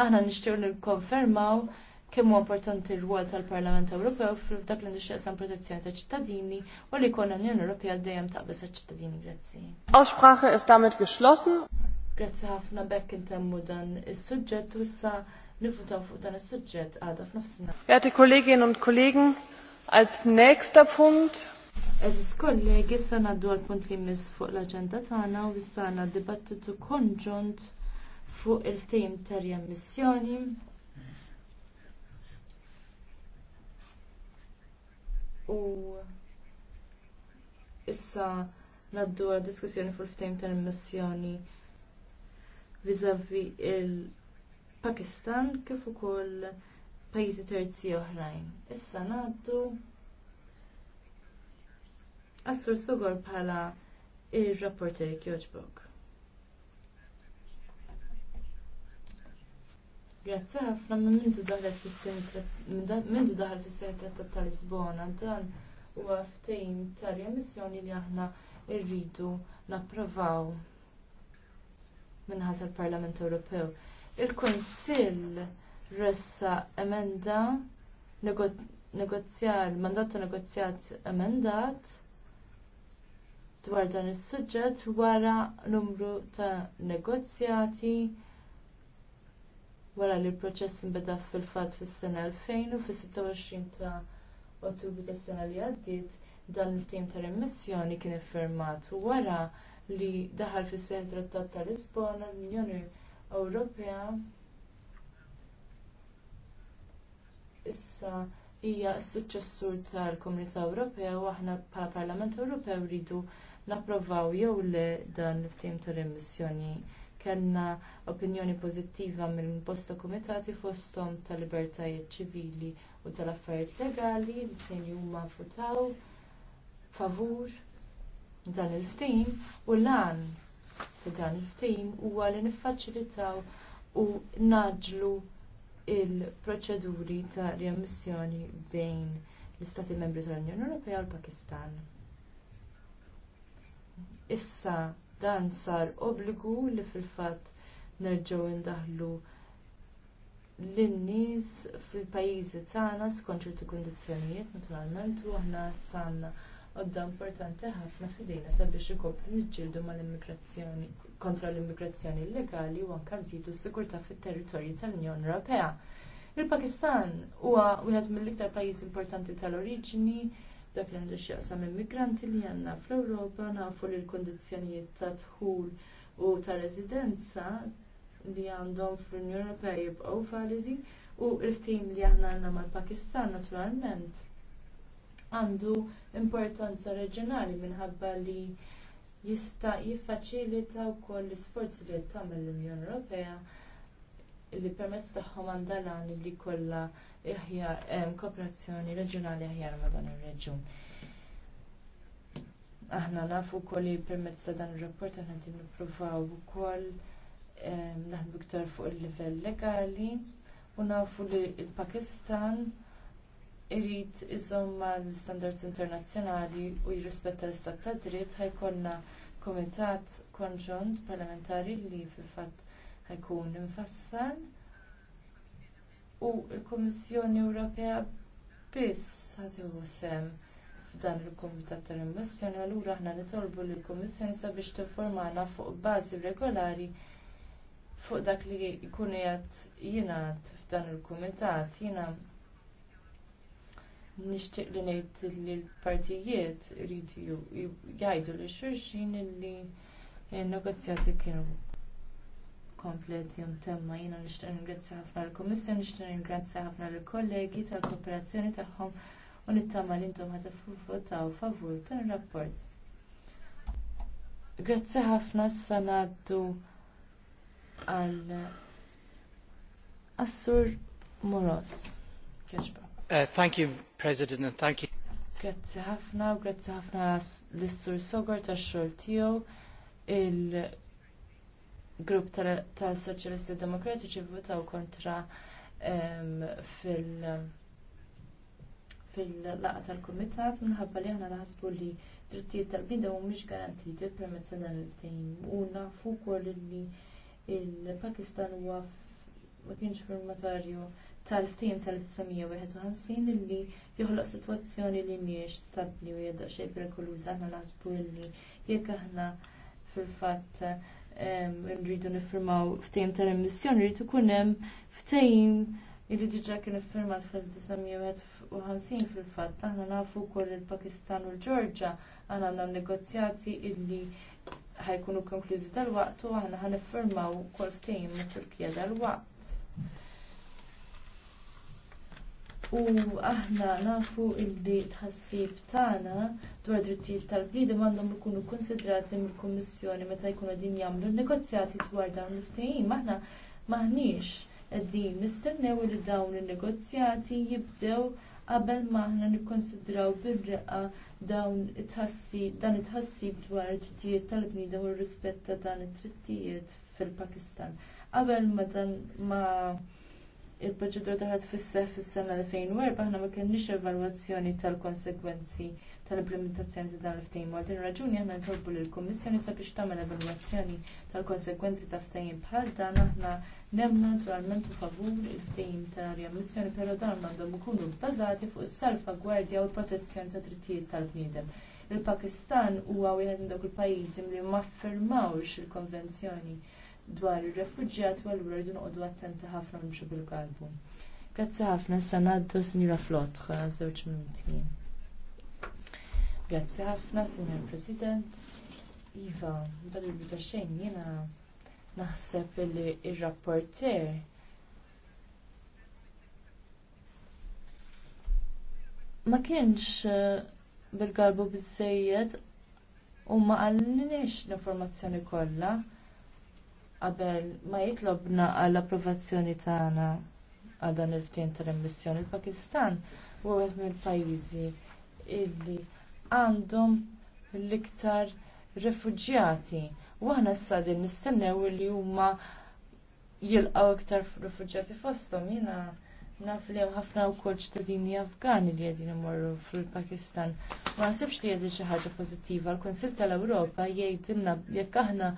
aħna nixtiew li konfermaw kemm huwa importanti l għol tal-Parlament Ewropew f'dak li nixtieqsam protezzjoni ta' ċittadini u li jkollna l-Unjoni Ewropea dejjem taqbeż ċittadini Grazzi. Aussprache ist damit geschlossen. Grazzi ħafna bekk intemmu dan is-suġġett u issa nifutaw fuq dan is-suġġett għadha f'nofsinhar. Werte Kolleginnen und Kollegen, als nächster Punkt Eżis kollegi, issa naddu għal-punt li mis fuq l-agenda tana u issa dibattitu konġunt fuq il-ftejm ta' riammissjoni. U issa naddu għal diskussjoni fuq il-ftejm ta' riammissjoni vizavi il-Pakistan kif ukoll pajjiżi terzi oħrajn. Issa naddu għas-sur sugur bħala il rapporter Kjoġbok. Grazzi ħafna minn mintu daħlet fis-sekret ta' Lisbona dan huwa ftehim tal-emissjoni li aħna rridu napprovaw minħat tal parlament Ewropew. Il-Kunsill ressa emenda negozjar, mandat ta' negozjat emendat dwar dan is-suġġett wara numru ta' negozjati wara li l-proċess inbeda fil-fatt fis-sena 2000 u fis-26 ta' Ottubru tas-sena li għaddiet dan il-tim ta' remissjoni kien iffirmat wara li daħal fis seħħ trattat ta' Lisbona l-Unjoni Ewropea issa hija s-suċċessur tal-Komunità Ewropea u aħna bħala Parlament Ewropew rridu napprovaw jew le dan il-tim ta' remissjoni kellna opinjoni pożittiva mill bosta kumitati fosthom tal-libertajiet ċivili u tal-affarijiet legali li fejn huma futaw, favur dan il-ftim u lan ta' dan il-ftim huwa li niffaċilitaw u naġlu il-proċeduri ta' riammissjoni bejn l-Istati Membri tal-Unjoni Ewropea u l-Pakistan. Issa dan sar obbligu li fil-fatt nerġgħu indaħlu lin-nies fil-pajjiżi tagħna skont ċertu kundizzjonijiet naturalment u aħna sanna għodda importanti ħafna fidejna sabiex ikomplu niġġieldu mal-immigrazzjoni kontra l-immigrazzjoni illegali u anke nżidu s-sigurtà fit-territorji tal-Unjoni Ewropea. Il-Pakistan huwa wieħed mill-iktar pajjiż importanti tal-oriġini dak li għandu x'jaqsam immigranti li għandna fl-Ewropa nafu li l-kondizzjonijiet ta' dħul u ta' residenza li għandhom fl-Unjoni Ewropea jibqgħu validi u l-ftim li aħna għandna mal-Pakistan naturalment għandu importanza reġjonali minħabba li jista' jiffaċilita wkoll l-isforzi li tagħmel l-Unjoni Ewropea li permezz tagħhom għandha l li kollha aħjar kooperazzjoni reġjonali aħjar ma' dan ir-reġjun. Aħna nafu wkoll li permezz ta' dan ir-rapport aħna qed nippruvaw ukoll naħdmu iktar fuq il-livell legali u nafu li l-Pakistan irid iżomma l-standards internazzjonali u jirrispetta l-istat ta' dritt ħajkollna komitat konġunt parlamentari li fil-fatt ħajkun infassal u l-Kummissjoni Ewropea biss ħatiħu sem f'dan il-Kumitat tal-Immissjoni, allura aħna nitolbu lill kummissjoni sabiex tinformana fuq bażi regolari fuq dak li jkun qed jingħad f'dan il-Kumitat. Jiena nixtieq li ngħid li l-partijiet jridu jgħidu li xulxin li n-negozjati kienu komplet jom temma jina nishtan ringrazzja ħafna l-Komissjon, nishtan ringrazzja ħafna l-kollegi tal kooperazzjoni tagħhom u nittama li intom ħata votaw favur dan ir-rapport. Grazzi ħafna s-sanaddu għal Assur Moros. Kieġba. Uh, thank you, President, and thank you. Grazzi ħafna grazzi ħafna l-Sur Sogor tax-xogħol tiegħu il grupp tal-Soċjalisti Demokratiċi votaw kontra fil- fil-laqa tal-Kumitat minħabba li aħna naħsbu li drittijiet tal-bnida mhumiex garantiti permezz ta' dan il-ftehim u nafu wkoll li il-Pakistan huwa ma kienx firmatarju tal-ftim tal-1951 illi joħloq sitwazzjoni li mhijiex stabbli u jedda xejn perikoluża aħna naħsbu li jekk aħna fil-fatt nridu nifirmaw ftejm tal-emissjoni, rridu hemm ftejm illi diġa kien iffirmat fil-1951 fil-fatt aħna nafu wkoll il-Pakistan u l ġorġja aħna għandna negozjati illi ħajkunu konklużi dal-waqt u aħna ħaniffirmaw kol ftehim ma' Turkija dal-waqt. U aħna nafu illi tħassib tagħna dwar drittijiet tal-bniedem għandhom ikunu konsidrati mill-Kummissjoni meta jkunu qegħdin jagħmlu negozjati dwar dawn il ftehim Aħna maħniex qegħdin nistennew li dawn in-negozjati jibdew qabel ma aħna nikkonsidraw bir-reqqa dawn it-ħassib dan it-ħassib dwar id-drittijiet tal-bniedem u r-rispett ta' dan it-drittijiet fil-Pakistan. Qabel ma dan ma il-proċedura daħlet fis fis-sena 2004 aħna ma kenniex evalwazzjoni tal-konsegwenzi tal-implementazzjoni ta' dan il-ftehim. Għal din raġuni aħna nitolbu lill kummissjoni sabiex tagħmel evalwazzjoni tal-konsegwenzi ta' ftehim bħal dan aħna nemna naturalment u favur il-ftehim ta' riammissjoni però dan m'għandhom ikunu bbażati fuq is-salvagwardja u l-protezzjoni ta' drittijiet tal-bniedem. Il-Pakistan huwa wieħed minn dawk il-pajjiżi li ma ffirmawx il-konvenzjoni dwar ir-refuġjat u allura rridu noqogħdu attenti ħafna nimxu bil-qalbu. Grazzi ħafna issa ngħaddu Sinjura Flotħ, żewġ minuti. Grazzi ħafna, Sinjur President. Iva, dal il-bita xejn jiena naħseb li il-rapporter ma kienx uh, bil-galbu bizzejjed u ma għallinix l-informazzjoni kollha qabel ma jitlobna għall approvazzjoni tagħna għal dan il-ftehim tal-emissjoni. Il-Pakistan huwa wieħed mill-pajjiżi illi għandhom l-iktar refuġjati. U aħna issa din nistennew li huma jilqgħu iktar refuġjati fosthom. Jiena naf li hemm ħafna wkoll ċittadini Afgani li qegħdin imorru fil-Pakistan. Ma nasibx li qegħdin xi ħaġa pożittiva. l kunsill tal-Ewropa jgħidilna jekk aħna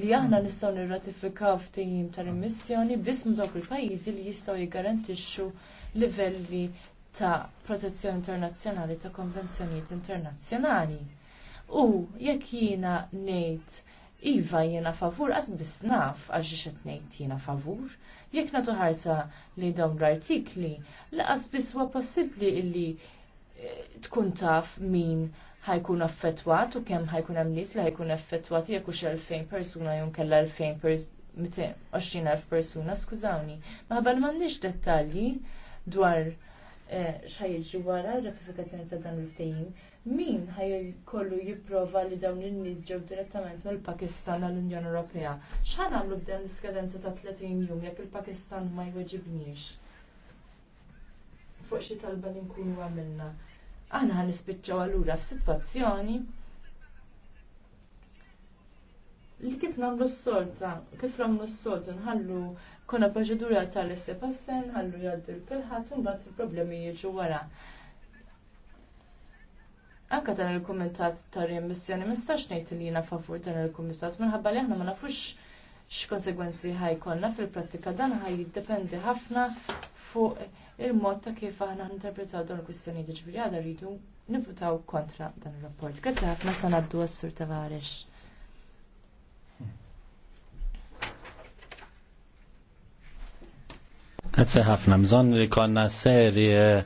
li aħna nistgħu nirratifikaw ftehim tal-immissjoni biss minn dawk il-pajjiżi li jistgħu jiggarantixxu livelli ta' protezzjoni internazzjonali ta' konvenzjonijiet internazzjonali. U jekk jiena ngħid iva jiena favur għas biss naf għax qed ngħid jiena favur, jekk nagħtu ħarsa li dawn l-artikli laqas biss huwa possibbli li eh, tkun taf min ħajkun affettwat u kemm ħajkun hemm nies li ħajkun affettwat jekk hux elfejn persuna jew kellha elfejn elf persuna, skużawni. Maħabba m'għandix dettalji dwar eh, x'ħajġi wara r-ratifikazzjoni ta' dan il-ftehim. Min ħaj kollu jipprova li dawn in-nies ġew direttament mill-Pakistan għall-Unjoni Ewropea? X'ħan għamlu b'dan l-iskadenza ta' 30 jum jekk il-Pakistan ma jweġibniex? fuq xi talba li nkunu għamilna aħna ħan nispiċċaw allura f'sitwazzjoni li kif nagħmlu s-solta, kif nagħmlu s-solta nħallu konna proċedura tal-isse passen, nħallu jgħaddu l-kelħat, mbagħad il-problemi jiġu wara. Anka dan il-kumitat ta' riemissjoni mistax ngħid li jiena favur dan il-kumitat minħabba li aħna ma nafux x'konsegwenzi ħajkonna fil-prattika dan ħaj jiddependi ħafna fuq il-mod ta' kif aħna interpretaw dawn il-kwistjoni ġifieri għadha rridu nifutaw kontra dan ir-rapport. Grazzi ħafna sa ngħaddu għas-Sur Tavares. Grazzi ħafna, bżonn li konna seri eh,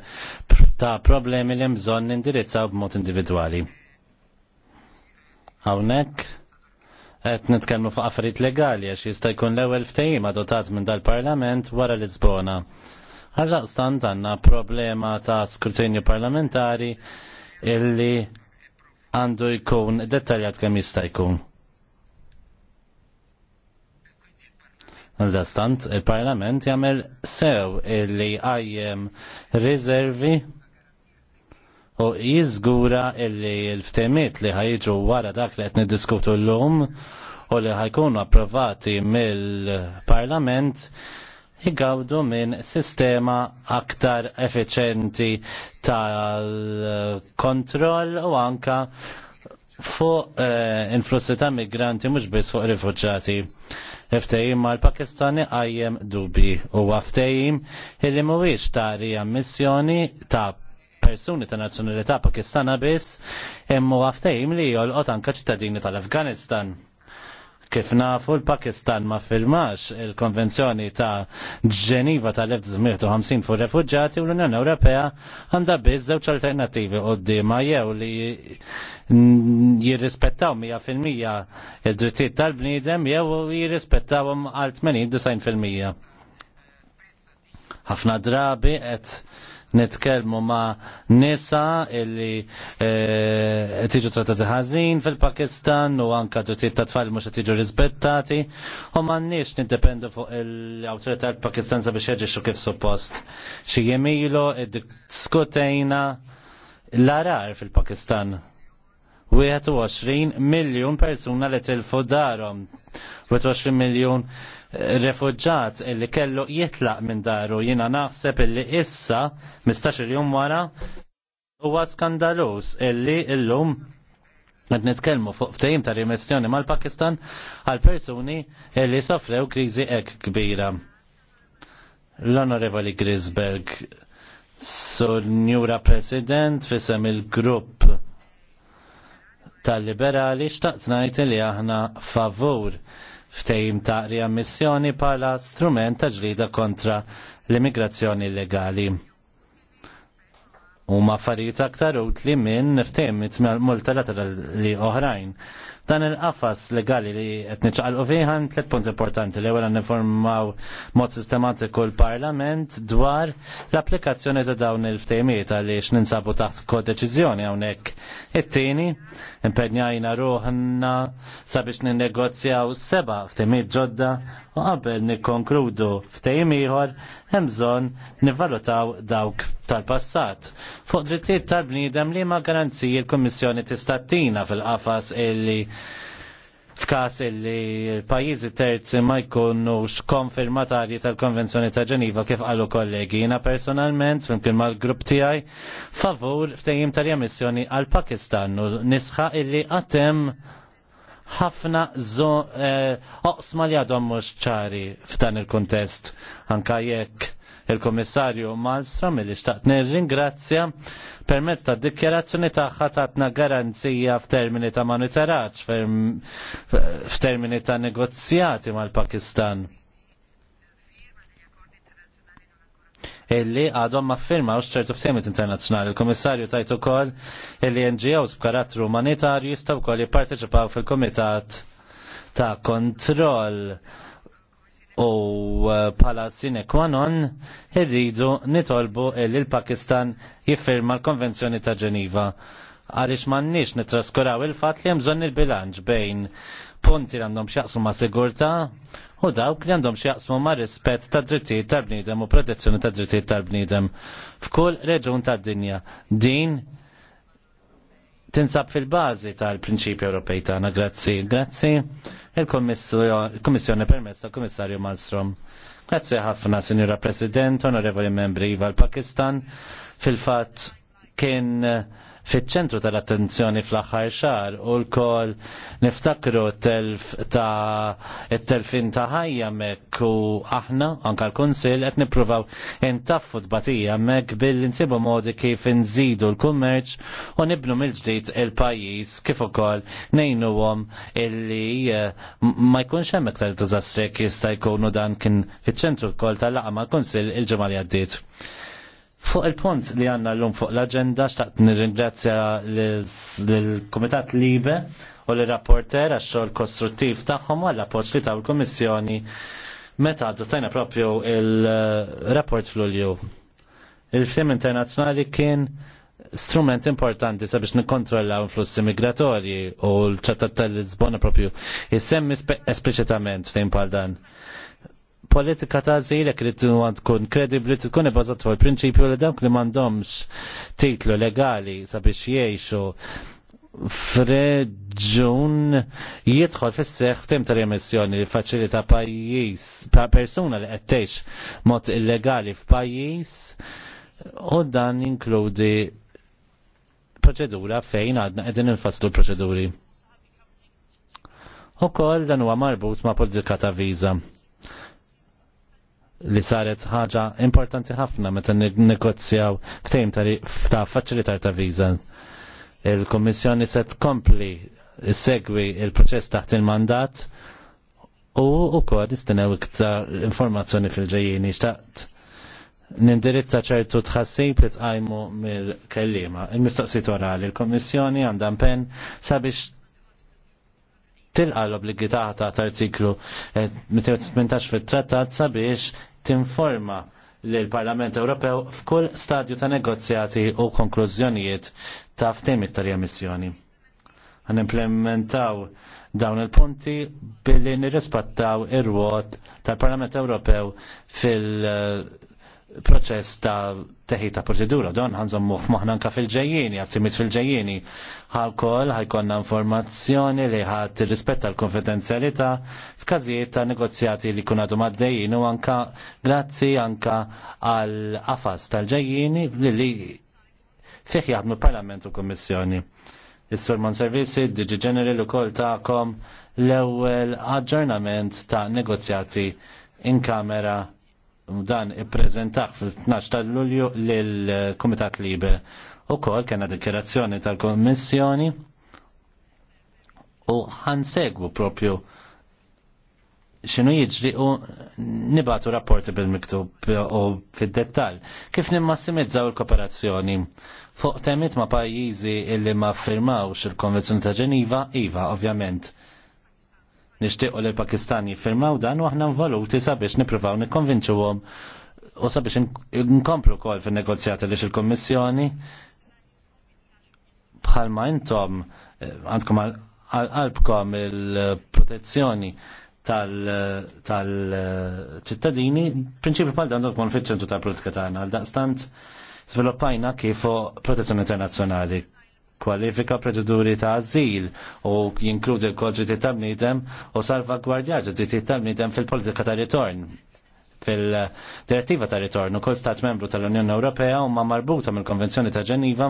ta' problemi li bżonn nindirizzaw b'mod individwali. Hawnhekk qed nitkellmu fuq affarijiet legali għax jista' jkun l-ewwel ftehim adottat minn dal-Parlament wara l Lisbona. Għallaq stand għanna problema ta' skrutinju parlamentari illi għandu jkun dettaljat kemm jista' jkun. Għaldastant, il-Parlament jagħmel sew illi għajjem rizervi u jiżgura illi l-ftemiet li ħajġu wara dak li qed niddiskutu llum u li ħajkunu approvati mill-Parlament igawdu minn sistema aktar effiċjenti tal-kontroll u anka fuq eh, influssi ta' migranti mhux biss fuq rifuġġati. Ftehim mal pakistani għajjem dubi u ftehim illi mhuwiex ta' ammissjoni ta' persuni ta' nazzjonalità pakistana biss imma ftehim li jolqot anka ċittadini tal-Afganistan. Kif nafu l-Pakistan ma firmax il-Konvenzjoni ta' Ġeniva tal-1950 fuq refugġati u l-Unjoni Ewropea għandha biż żewġ alternattivi qudiema jew li jirrispettaw 100% id drittijiet tal-bniedem jew jirrispettawhom għal 80-90%. Ħafna drabi qed nitkellmu ma' nisa illi eh, tiġu trattati ħażin fil-Pakistan u anka ġutiet ta' tfal mhux qed tiġu rispettati u m'għandniex niddependu fuq l-awtorità tal-Pakistan sabiex jeġixxu kif suppost. Xi jemilu iddiskutejna l-arar fil-Pakistan. 21 miljon persuna li tilfu darhom. 21 miljon refugġat illi kellu jitlaq minn daru jina naħseb illi issa mistax il-jum wara huwa skandalus illi illum qed nitkellmu fuq ftejim ta' rimessjoni mal-Pakistan għal persuni illi sofrew kriżi ek kbira. L-Onorevoli Grisberg, sur njura president fisem il-grupp tal-liberali xtaqt ngħid li aħna favur ftejim ta' riammissjoni bħala strument ta' ġlida kontra l-immigrazzjoni illegali. U ma' aktar utli minn ftejim multilaterali oħrajn. Dan il-qafas legali li qed niċċaqalqu hemm tliet punt importanti li ewwel nifformaw mod sistematiku l-Parlament dwar l-applikazzjoni ta' dawn il-ftejmiet għaliex ninsabu taħt kodeċiżjoni hawnhekk. It-tieni impenjajna ruħna sabiex ninnegozjaw seba' ftejmiet ġodda u qabel nikkonkludu ftejim ieħor hemm bżonn nivvalutaw dawk tal-passat fuq drittijiet tal-bniedem li ma garanziji l-Kommissjoni tistattina fil-qafas illi f'kas illi l-pajjiżi terzi ma jkunux konfirmatarji tal-Konvenzjoni ta' Ġeniva kif qalu kollegi. Jina personalment, flimkien mal-grupp tiegħi, favur ftehim tal-emissjoni għal Pakistan u nisħa illi għatem ħafna zo eh, oqsma li għadhom mhux ċari f'dan il-kuntest anka jekk il-Komissarju Malmstrom li xtaqt nirringrazzja permezz ta' dikjerazzjoni tagħha tatna garanzija f'termini ta' monitoraġġ f'termini ta' negozjati mal-Pakistan. illi għadhom ma firma u xċertu f'semit internazzjonali. Il-Komissarju tajt ukoll illi NGOs b'karattru umanitarju jistgħu wkoll jipparteċipaw fil-Kumitat ta' kontroll u uh, pala sine qua non irridu nitolbu li l-Pakistan jiffirma l-Konvenzjoni ta' Ġeniva għaliex m'għandniex nitraskuraw il-fatt li hemm bżonn il-bilanċ bejn punti li għandhom x'jaqsmu ma' sigurtà u dawk li għandhom x'jaqsmu ma' rispett ta' drittijiet tal-bniedem u protezzjoni ta' drittijiet tal-bniedem f'kull reġun tad-dinja. Din tinsab fil-bazi tal-prinċipju Ewropej tagħna. Grazzi, grazzi. Il-Kommissjoni permessa tal-Kummissarju Malmstrom. Grazzi ħafna, Sinjura President, Onorevoli Membri, Iva l-Pakistan. Fil-fatt kien fiċ-ċentru tal-attenzjoni fl-aħħar xar u l-kol niftakru telf ta' t telfin ta' ħajja mek u aħna, anka l-Kunsil, qed nippruvaw intaffu tbatija mek billi nsibu modi kif nżidu l-kummerċ u nibnu mill-ġdid il-pajjiż kif ukoll ngħinuhom illi eh, ma jkunx hemm tal diżastri jista' jkunu dan kien fiċ-ċentru wkoll tal-laqgħa mal konsil il-ġimgħa li għaddiet. Fuq il-punt li għanna l-lum fuq l-agenda, xtaqt nirringrazzja l-Komitat Libe u l-rapporter għax xogħol kostruttiv tagħhom u għall-appoġġ li taw il-Kummissjoni meta adottajna propju il-rapport fl-Ulju. Il-ftim internazzjonali kien strument importanti sabiex nikkontrollaw flussi migratorji u l-ċattat tal-Lisbona propju jissemmi espliċitament fejn bħal dan politika ta' azil jekk li tkun kredibbli tkun ibazat fuq il-prinċipju li dawk li m'għandhomx titlu legali sabiex jgħixu f'reġun jidħol fis-seħħ tim ta' emissjoni li faċilita pajjiż pa' persuna li qed tgħix mod illegali f'pajjiż u dan inkludi proċedura fejn għadna qegħdin fastu proċeduri. Ukoll dan huwa marbut ma' politika ta' viża li saret ħaġa importanti ħafna meta negozjaw ftejm ta' faċilitar ta' viza. Il-Kommissjoni se tkompli segwi il-proċess taħt il-mandat u wkoll nistenew iktar informazzjoni fil-ġejjini xtaqt nindirizza ċertu tħassib li tqajmu mill-kellima. Il-mistoqsit orali, il-Kommissjoni għandha pen sabiex tilqa l-obligitata ta' artiklu 218 eh, fit-trattat sabiex tinforma lill parlament Ewropew f'kull stadju ta' negozjati u konklużjonijiet ta' ftemit tal-emissjoni. Għan implementaw dawn il-punti billi nirrispattaw ir-ruot tal-Parlament Ewropew fil- proċess ta' teħi ta' proċedura. Don ħanżom muħ maħna nka fil-ġejjini, għaftimit fil-ġejjini. Għalkol ħajkonna informazzjoni li ħat rispetta l-konfidenzjalità f'każijiet ta' negozjati li kuna għadu maddejjin u anka grazzi anka għal qafas tal-ġejjini li fih jaħdmu parlament u kommissjoni. Is-Surman Servisi, Digi General u kol ta'kom l-ewel aġġornament ta' negozjati in kamera dan ippreżentaħ fil-12 ta' Lulju lill-Kumitat Libe. kol kena dikjerazzjoni tal-Kommissjoni u ħansegwu propju xinu jiġri u nibatu rapporti bil-miktub u fil-dettal. Kif nimmassimizzaw il-kooperazzjoni fuq temiet ma' pajjiżi illi ma' firmawx il-Konvenzjoni ta' Ġeniva, iva, ovvjament nixtiequ li l-Pakistan jiffirmaw dan u aħna nvoluti sabiex nippruvaw nikkonvinċuhom u sabiex nkomplu kol fin-negozjati li il-Kommissjoni bħalma intom eh, għandkom għal-qalbkom il-protezzjoni tal-ċittadini, prinċipi pal dan dok mon fiċċentu tal-politika tagħna għal daqstant sviluppajna kif protezzjoni internazzjonali kwalifika proċeduri ta' azil u jinkludi l kodri tal tamnitem u salvagwardjaġi ġi tal tamnitem fil-politika ta' ritorn fil-direttiva ta' ritorn u kull stat membru tal-Unjoni Ewropea u ma' marbuta mill-Konvenzjoni ta' Ġeniva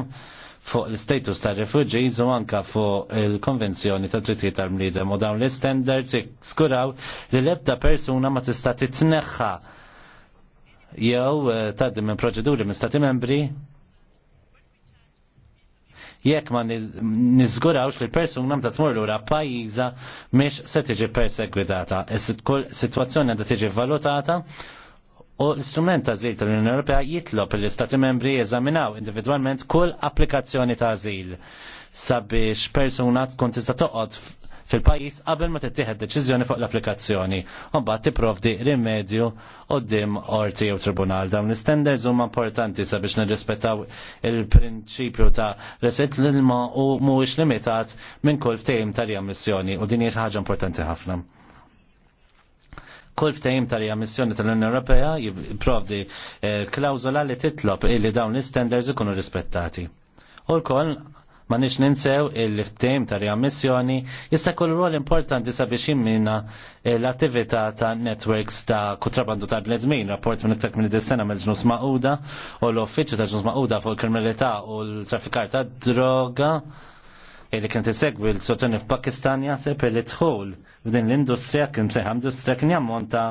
fuq l-status ta' refugees u anka fuq il-Konvenzjoni ta' drittijiet tal-bniedem u dawn l-standards skuraw li l-ebda persuna ma tista' titneħħa jew eh, tgħaddi minn proċeduri minn stati membri jekk ma nizgurawx li persuna ta' tmur lura pajjiża mhix se tiġi persegwitata. Kull sitwazzjoni għandha tiġi valutata u l-istrument ta' żil tal-Unjoni Ewropea jitlob l-Istati membri jeżaminaw individwalment kull applikazzjoni ta' żil sabiex persuna tkun tista' toqgħod fil-pajis qabel ma tittieħed deċiżjoni fuq l-applikazzjoni. Mbagħad tipprovdi rimedju qudiem orti jew tribunal. Dawn l-standards huma importanti sabiex nirrispettaw il-prinċipju ta' resit l-ilma u mhuwiex limitat minn kull ftehim tal-jammissjoni u din hija ħaġa importanti ħafna kull ftehim tal-Missjoni tal-Unjoni Ewropea jipprovdi eh, klawzola li titlob illi dawn l-standards ikunu rispettati. U l Ma nix ninsew il-ftim ta' riammissjoni jista' kull rol importanti sabiex jimmina eh, l-attività ta' networks ta' kutrabandu ta' bledmin, rapport minn iktar minn sena mill ġnus Mauda u l-uffiċċju ta' ġnus Mauda fuq il-kriminalità u l-traffikar ta' droga eh, li kien tisegwi l-sotoni f'Pakistan jaħseb li tħol f'din l-industrija kien seħa industrija kien jammonta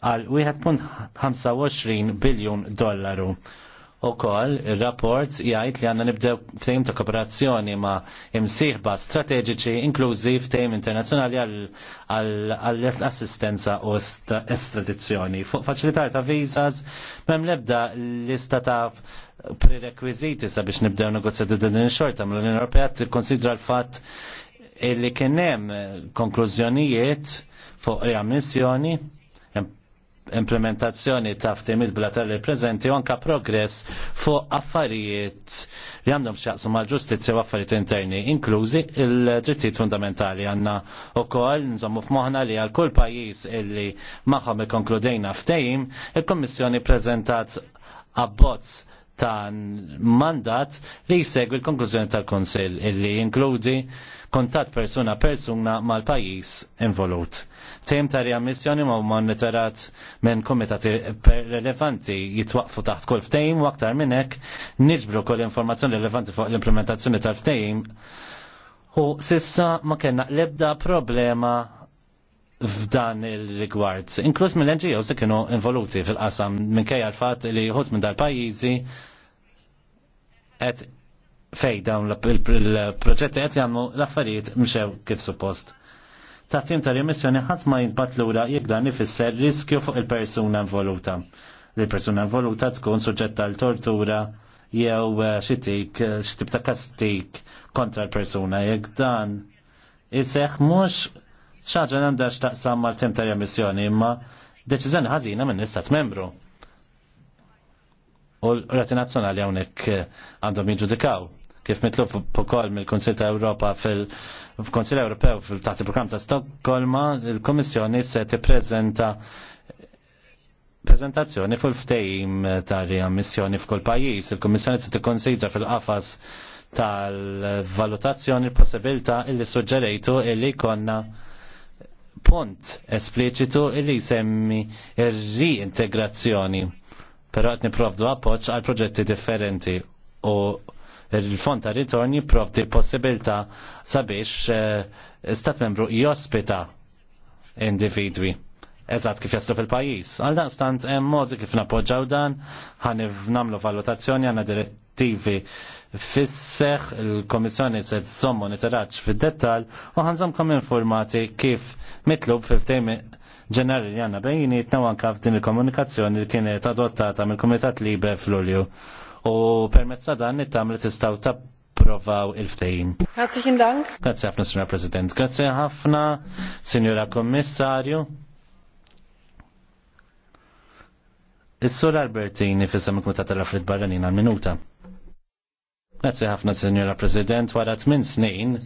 għal 1.25 biljun dollaru. U koll, il-rapport jgħid li għanna nibdew ftejm ta' kooperazzjoni ma' imsiħba strateġiċi inklużi ftejm internazzjonali għall-assistenza u estradizzjoni. faċilitar ta' visas, mem lebda lista ta' prerekwiziti sabiex nibdew negozjati din il-xorta mill-Unjoni Ewropea tikkonsidra l-fatt li kien hemm konklużjonijiet fuq il-ammissjoni implementazzjoni ta' il bilaterali preżenti u anka progress fuq affarijiet li għandhom x'jaqsmu mal-ġustizzja u affarijiet interni, inklużi il-drittijiet fundamentali għandna wkoll nżommu f'moħħna li għal kull pajjiż illi magħhom ikkonkludejna ftehim, il-Kommissjoni prezentat abbozz ta' mandat li jsegwi l-konklużjoni tal-Konsil illi jinkludi kontat persuna persuna mal-pajis involut. Tem ta' riammissjoni ma' monitorat minn komitati relevanti jitwaqfu taħt kol ftejm u aktar minnek niġbru kol informazzjoni relevanti fuq l-implementazzjoni tal ftejm u sissa ma kena lebda problema f'dan il-rigward. Inkluż mill-NGOs se kienu involuti fil-qasam minkejja l-fatt li jħut minn dal-pajjiżi qed fej dawn il-proġetti qed jagħmlu l-affarijiet mxew kif suppost. Tatim tal-emissjoni ħadd ma jintbat lura jekk dan ifisser riskju fuq il-persuna involuta. Li l-persuna involuta tkun suġġetta għal tortura jew eh, xitik, eh, xitib ta' kastik kontra l-persuna jekk dan iseħ mhux xaġa għandha x'taqsam mal-tim ta' remissjoni imma deċiżjoni ħażina minn istat membru. U l-Rati Nazzjonali hawnhekk eh, għandhom jġudikaw kif mitlu ukoll mill konsil ta' Europa fil-Kunsill Ewropew fil-taħt il-programm ta' Stokkolma, il komissjoni se tippreżenta prezentazzjoni fuq il-ftejim ta' riammissjoni f'kull pajjiż. Il-Kummissjoni se tikkonsidra fil-qafas tal-valutazzjoni l-possibilità illi suġġerejtu illi konna pont espliċitu illi jsemmi r reintegrazzjoni Però qed provdu appoġġ għal proġetti differenti u il-fond ta' ritorn jipprovdi possibilta sabiex eh, stat membru jospita individwi. Eżatt kif jaslu fil-pajis. Għal dan stant hemm modi kif napoġġaw dan, ħan namlu valutazzjoni għandna direttivi fisseħ il-Komissjoni se tżomm monitoraġġ fid-dettal u ħanżomkom informati kif mitlub fil-temi ġenerali għanna bejn jitnaw kaf din il-komunikazzjoni li kienet adottata mill kumitat Libe fl-Ulju u permezz dan nittam li tistaw tapprovaw il-ftejim. Grazie dank. Grazie ħafna, Signora President. Grazie ħafna, Signora Kommissarju. Is-Sur Albertini fissam il-Kumitat tal-Afrit Barranin għal-minuta. Grazie ħafna, Signora President. Wara 8 snin,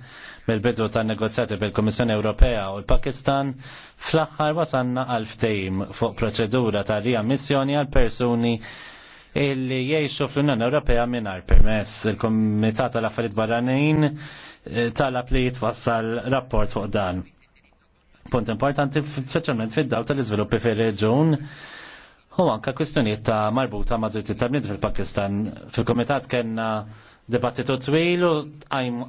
bil bidu tan negozjati bil-Komissjoni Ewropea u l-Pakistan fl-aħħar wasanna għal ftejm fuq proċedura ta' riammissjoni għal persuni illi jiexu fl-Unjoni Ewropea mingħajr permess. Il-Komitat tal-Affarijiet Barranin eh, talab li jitwassal rapport fuq dan. Punt importanti, speċjalment fid-daw tal-iżviluppi fir-reġun u anka kwistjonijiet ta' marbuta ma' dritti ta' bnid fil-Pakistan. Fil-komitat kena dibattitu twil u tajm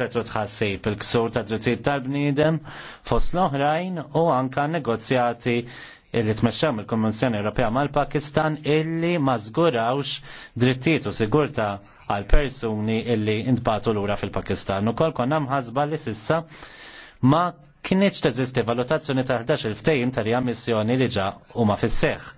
ċertu tħassi il-ksur ta' drittijiet tal-bniedem fost l-oħrajn u anka negozjati illi tmexxew il-Konvenzjoni Ewropea mal-Pakistan illi ma żgurawx drittijiet u sigurta għal persuni illi intbatu lura fil-Pakistan. kol konna mħasba li sissa ma kienieċ teżisti valutazzjoni ta' 11 il-ftejim ta' riammissjoni li ġa huma ma seħħ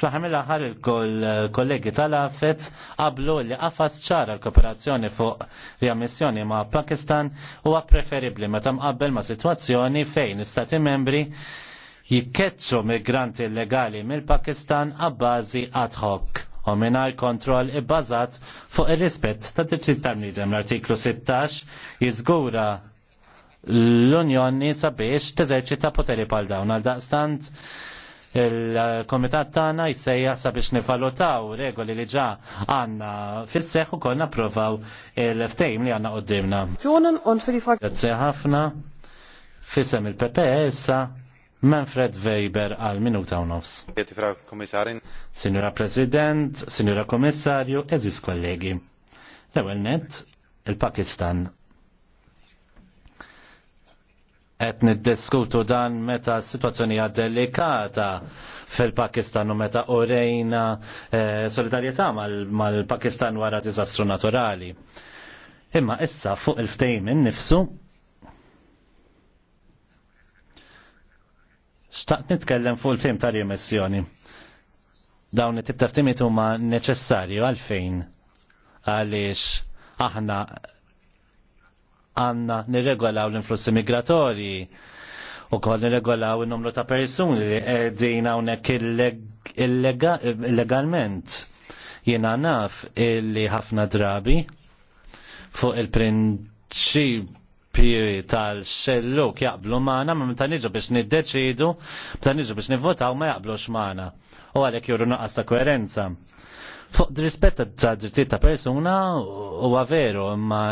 Fl-ħar mill-aħħar il-kollegi tal-AFET qablu li qafas ċara l-kooperazzjoni fuq riammissjoni ma' Pakistan huwa preferibli meta qabbel ma' sitwazzjoni fejn istati membri jikkeċċu migranti illegali mill-Pakistan għabbazi ad hoc u minar kontroll ibbażat fuq ir-rispett ta' tirċin tal-nidem l-artiklu 16 jiżgura l-Unjoni sabiex teżerċita poteri pal dawn għal daqstant Il-komitat tagħna jsejjaħ sabiex nivalutaw regoli li ġa għandna fis-seħħ ukoll napprovaw il-ftejm li għandna un Grazzi ħafna. fissem il pps issa Manfred Weber għal minuta u nofs. Signora President, Signora Komissarju, eżis kollegi. L-ewel net, il-Pakistan qed niddiskutu dan meta s-sitwazzjoni hija delikata fil-Pakistan u meta orejna eh, solidarjetà mal-Pakistan mal wara diżastru naturali. Imma issa fuq il-ftejm innifsu Xtaqt nitkellem fuq il-ftejm tal-remissjoni. Dawn it-tib ta' ftimiet huma neċessarju għalfejn għaliex aħna għanna nirregolaw l-influssi migratorji u kol nirregolaw il-numru ta' persuni li għedin hawnhekk illegalment. Jiena naf illi ħafna drabi fuq il-prinċipji tal xellu jaqblu maħna, ma mta niġu biex niddeċidu, mta niġu biex nivvotaw ma jaqblux maħna. U għalek juru naqas ta' koerenza. Fuq rispetta ta' drittijiet ta' persuna u għaveru, imma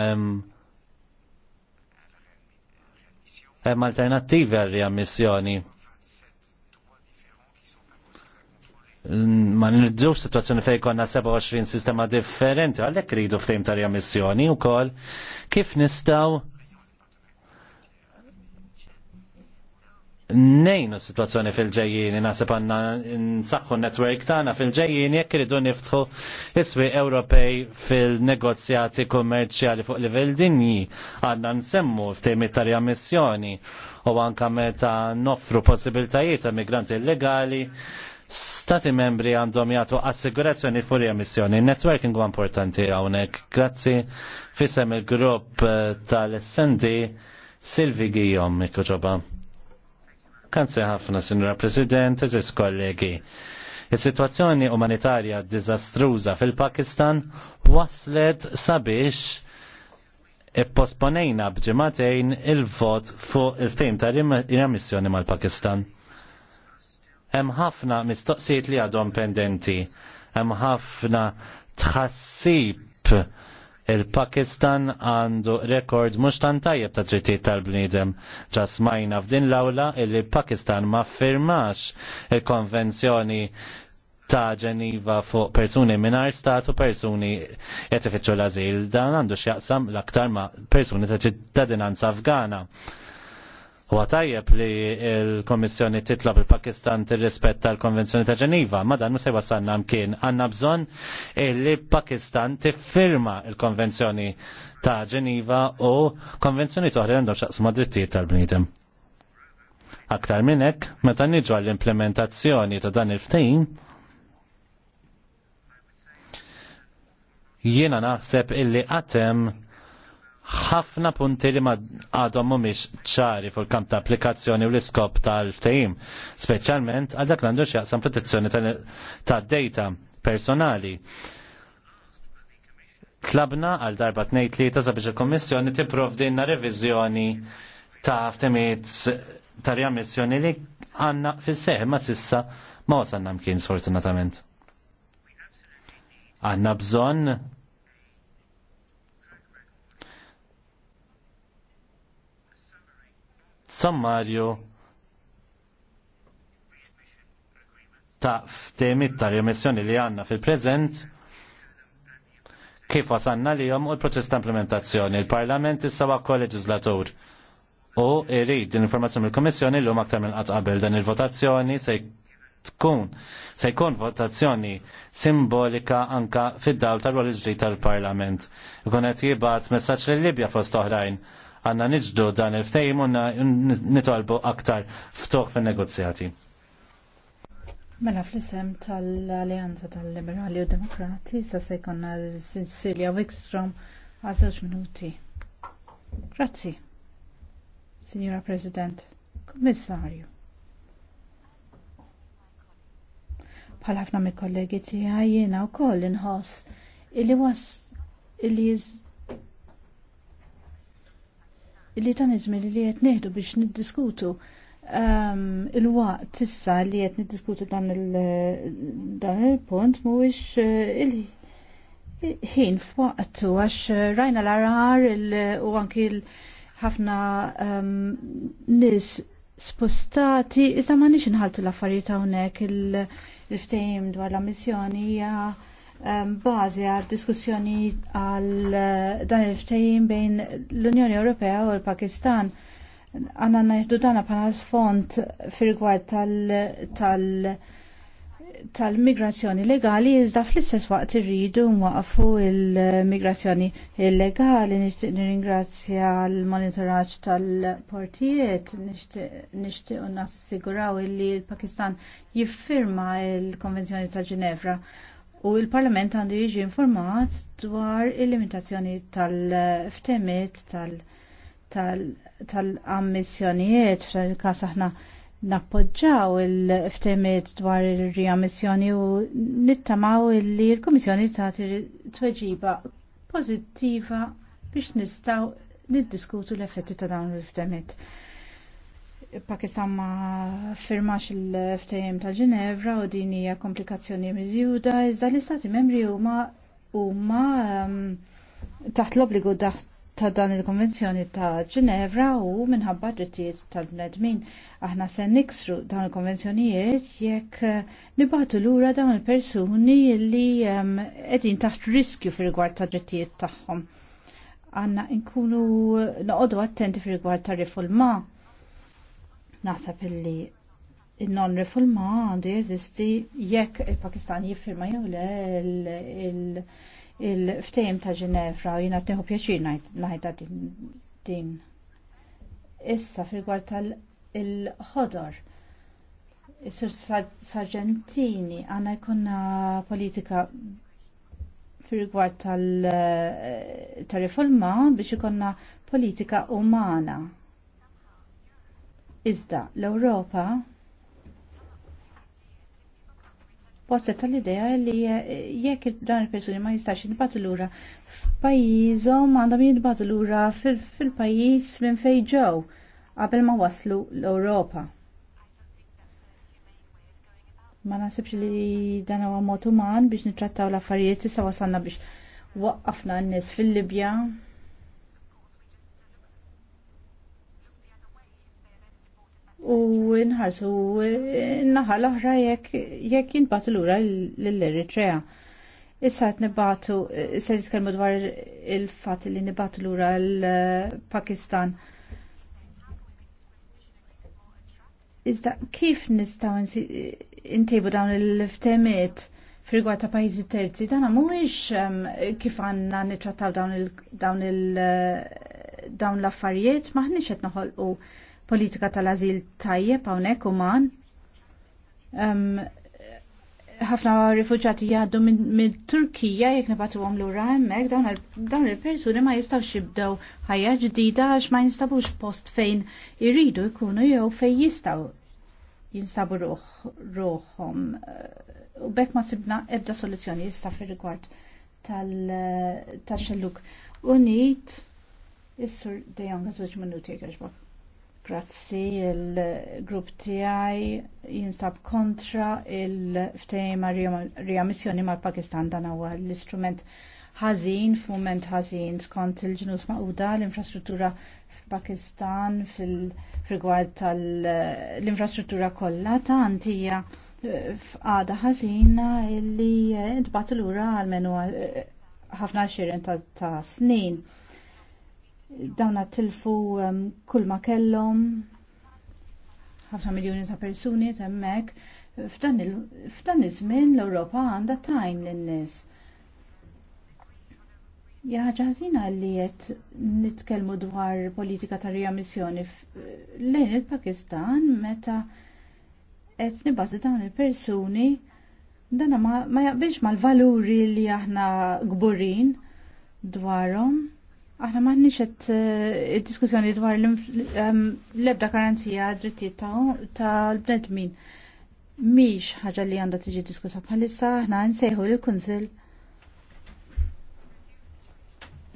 hemm alternattivi għal riammissjoni. Ma nirġux situazzjoni fej konna 27 sistema differenti, għalhekk ridu ftejm ta' riammissjoni wkoll kif nistgħu nejnu situazzjoni fil-ġejjini, nasib għanna nsaxħu network tana fil-ġejjini, jekk rridu niftħu iswi Ewropej fil-negozjati kommerċjali fuq livell dinji, għanna nsemmu f'temi ta' riammissjoni u anka meta noffru possibiltajiet ta' migranti illegali, stati membri għandhom jagħtu assigurazzjoni fuq riammissjoni. Networking huwa importanti hawnhekk. Grazzi fisem il-grupp tal-SND Silvi Gijom, mikroġoba. Kanzi ħafna, Sinra President, eżis kollegi. Is-sitwazzjoni umanitarja diżastruża fil-Pakistan waslet sabiex ipposponejna bġematejn il-vot fuq il tim ta' rimissjoni mal-Pakistan. Hemm ħafna mistoqsijiet li għadhom pendenti, hemm ħafna tħassib Il-Pakistan għandu rekord mhux tan tajjeb ta' trittijiet tal-bniedem. Ġa smajna f'din l-awla illi pakistan ma firmax il-konvenzjoni ta' Ġeniva fuq persuni minar stat u persuni qed ifittxu l-azil. Dan għandu x'jaqsam l-aktar ma' persuni ta' ċittadinanza Afgana. Huwa tajjeb li l-Komissjoni titlob il-Pakistan tirrispetta l-Konvenzjoni ta' Ġeniva, ma dan se wasalna mkien għandna bżonn li Pakistan tiffirma il-Konvenzjoni ta' Ġeniva u konvenzjoni toħra għandhom xaqsu ma' drittijiet tal-bniedem. Aktar minn hekk, meta niġu għall-implementazzjoni ta' dan il-ftehim, jiena naħseb illi qatem ħafna punti li ma għadhom mhumiex ċari fuq kamp ta' applikazzjoni u l-iskop tal-ftehim, speċjalment għal dak l-għandu x'jaqsam protezzjoni tad-data personali. Tlabna għal darba li ta' sabiex il-Kommissjoni tipprovdinna reviżjoni ta' ftemiet ta' riammissjoni li għanna fis-seħ ma sissa ma wasanna mkien sfortunatament. Għanna bżonn sommarju ta' f'temit ta' remissjoni li għanna fil-prezent kif wasanna li jom u l-proċess ta' implementazzjoni. Il-Parlament issa leġislatur u irrid l-informazzjoni mill komissjoni l-lum aktar minn qabel dan il-votazzjoni se tkun se jkun votazzjoni simbolika anka fid-dawl tal-rol ġdid tal-Parlament. Ikun qed jibgħat messaġġ lill Libja fost oħrajn għanna nizdu dan il-ftejm unna nitolbu aktar ftoħ fin negozjati Mela fl-isem tal-Alleanza tal-Liberali u Demokrati sa se jkollna Cecilia Wikstrom għal żewġ minuti. Grazzi, Signora President, Kommissarju. Bħal ħafna mill kollegi tiegħi jiena wkoll inħoss illi was illi li dan iżmin li qed neħdu biex niddiskutu ehm, il-waqt issa li qed niddiskutu dan il-punt mhuwiex eh, il- ħin f'waqtu għax eh, rajna l-arar u anki l ħafna ehm, nis spostati, iżda ma nix nħaltu l-affarijiet hawnhekk il-ftehim dwar la missjoni hija Um, bazi għal diskussjoni għal uh, dan il ftejim bejn l-Unjoni Ewropea u l-Pakistan. Għanna najdu dana bħala sfond fil-gwad tal-migrazzjoni legali, iżda fl-istess waqt irridu mwaqfu il-migrazzjoni illegali, nirringrazzja l-monitoraġġ tal-portijiet, nishtiq nassiguraw illi l-Pakistan jiffirma il-Konvenzjoni ta' Ġenevra u il-Parlament għandu jiġi informat dwar il-limitazzjoni tal-ftemiet tal-ammissjonijiet il kas aħna nappoġġaw il-ftemiet dwar il-riammissjoni u nittamaw li l-Komissjoni ta' tweġiba pozittiva biex nistaw niddiskutu l-effetti ta' dawn il-ftemiet. Pakistan ma firmax il-ftajem tal-Ġenevra u din hija komplikazzjoni miżjuda iżda l-istati membri huma huma um, taħt l-obbligu ta' dan il-konvenzjoni ta' Ġenevra u minħabba drittijiet tal-bnedmin. Aħna se niksru dawn il-konvenzjonijiet jekk uh, nibatu lura dawn il-persuni li qegħdin um, taħt riskju fir-rigward ta' drittijiet tagħhom. Għanna nkunu noqogħdu attenti fir-rigward ta' rifulma Naħseb illi non refulma għandu jeżisti jekk il-Pakistan jiffirma jew le il-ftejm ta' Ġenevra jina tneħu pjaċir ngħidha din. Issa fil-gwar tal-ħodor. Is-Sur Sargentini għana jkunna politika fil-gwar tal-reforma eh, biex ikonna politika umana Iżda l-Ewropa wasset tal-idea li jekk dan il-persuni ma jistax l lura f'pajjiżhom għandhom l lura fil-pajjiż minn fejn ġew qabel ma waslu l-Ewropa. Ma nasibx li dan huwa mod uman biex nittrattaw l-affarijiet issa wasalna biex waqqafna n-nies fil-Libja u nħarsu naħa l-oħra jekk jinbatu lura l-Eritrea. Issa qed nibatu, issa nitkellmu dwar il-fatt li nibatu lura l-Pakistan. Iżda kif nistgħu intejbu dawn il-ftemiet fil ta' pajjiżi terzi, dan mhuwiex kif għandna nittrattaw dawn il- dawn l-affarijiet maħniex qed noħolqu politika tal-azil tajjeb hawnhekk uman. Ħafna um, rifuġati jgħaddu mill-Turkija jekk nibatuhom lura hemmhekk dawn il-persuni ma jistgħux jibdew ħajja ġdida għax ma jinstabux post fejn iridu jkunu jew fejn jistgħu jinstabu ruħhom. U bekk ma sibna ebda soluzzjoni jista' fir-rigward tal-xelluk. Unit, is-sur dejjem żewġ minuti għaxbak. Grazzi il-grupp tijaj jinsab kontra il-ftehim riammissjoni mal-Pakistan dan huwa l-istrument ħażin f'mument ħażin skont il-ġnus maquda l-infrastruttura f'Pakistan fil-rigward tal-infrastruttura kollha ta' antija eh, f'għada ħażina li tbagħtu lura għall-menu eh, ħafna xirin ta' snin dawna tilfu um, kull ma kellhom ħafna miljoni ta' persuni temmek. F'dan iż-żmien l-Ewropa għandha tajn lin-nies. Ja ħaġa ħażina li qed nitkellmu dwar politika ta' riammissjoni lejn il-Pakistan meta qed nibgħatu dawn il-persuni dana ma, ma jaqbilx mal-valuri li aħna gburin dwarhom Aħna m'għandniex qed eh, id-diskussjoni dwar ehm, l-ebda garanzija drittijiet tal-bnedmin. Mhix ħaġa li għandha tiġi diskussa bħalissa aħna nsejħu l kunsill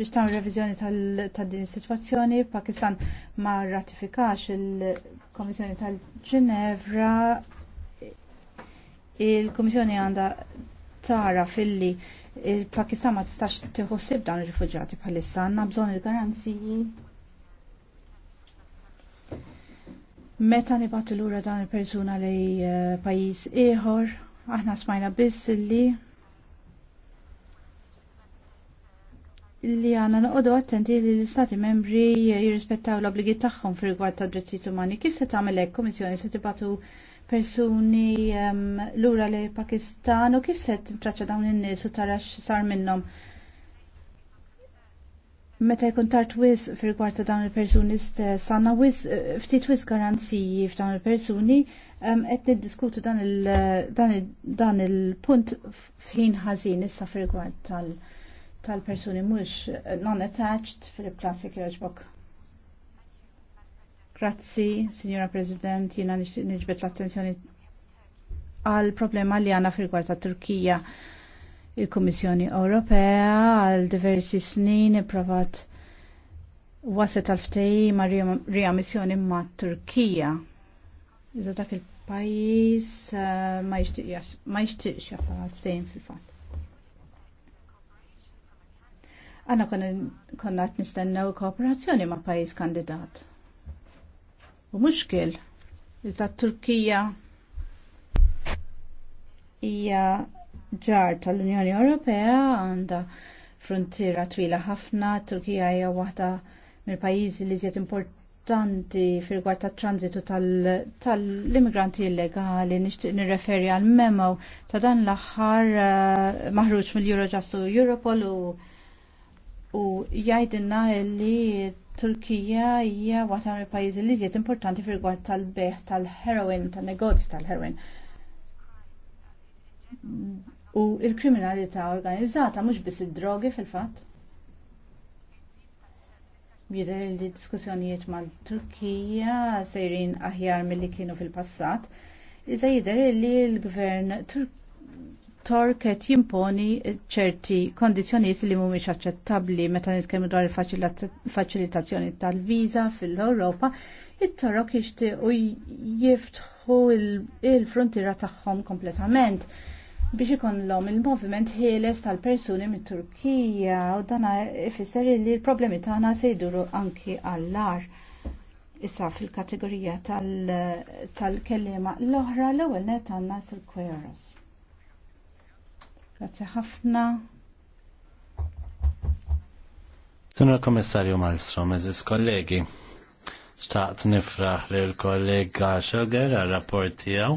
biex tam revizjoni tal-din situazzjoni, Pakistan ma ratifikax il-Komissjoni tal-Ġenevra, il-Komissjoni għanda tara filli il-Pakistan ma tistax tiħossib dan ir-rifuġjati bħalissa għandna bżonn il-garanziji Meta nibgħatu lura dan il-persuna li eh, pajjiż ieħor, aħna smajna biss li li għana noqodu attenti li l-istati membri jirrispettaw l-obligi tagħhom fil rigward ta' drittijiet umani. Kif se tagħmel hekk kummissjoni se tibatu persuni um, lura li Pakistan u kif se traċċa dawn in-nies u tara x'sar minnhom. Meta jkun tart wis fil-rigward ta' dawn il-persuni stess, għandna wis ftit wis garanziji f'dawn il-persuni qed niddiskutu dan il-punt f'ħin ħażin issa fil-rigward tal- tal-persuni mhux non-attached fil-plastik jogħġbok. Grazzi, Signora President, jina nġbet l-attenzjoni għal problema li għana fil ta' Turkija. il komissjoni Ewropea għal diversi snin ipprovat waset għal-ftej ma' riammissjoni ma' Turkija. Iżda dak il-pajis eh, ma' jixtiqx jasal għal ftej fil-fat. Għanna konna għat nistennew kooperazzjoni ma' pajis kandidat U muxkil, iżda Turkija hija ġar tal-Unjoni Ewropea għandha frontiera twila ħafna, Turkija hija waħda mill-pajjiżi li żiet importanti fil-gwar tat transitu tal-immigranti illegali, nixtieq nirreferi għal memo ta' dan l-aħħar eh, maħruġ mill-Eurojust u Europol u jgħidilna li Turkija hija waħda mill pajjiżi li żied importanti fir-rigward tal-beħ tal-heroin, tan-negozju tal-heroin. U l kriminalità organizzata mhux biss id-drogi fil-fatt. Jidher li diskussjonijiet mal-Turkija sejrin aħjar milli kienu fil-passat. Iżda jidher li l-gvern Turkija it kiet qed jimponi ċerti kondizzjonijiet li mhumiex aċċettabbli meta nitkellmu dwar il-faċilitazzjoni tal-viża fil-Ewropa, it-torok jixtiequ jiftħu il-frontiera tagħhom kompletament biex ikollhom il-moviment ħieles tal-persuni mit-Turkija u dan ifisser li l-problemi tagħna se jduru anki għall-ar issa fil-kategorija tal-kellima l-oħra l-ewwel net għandna sil-kweros. Grazie ħafna. Sunur Komissarju Malmström, eżis kollegi, xtaqt nifraħ li l-kollega Sugar għal-rapport tiegħu.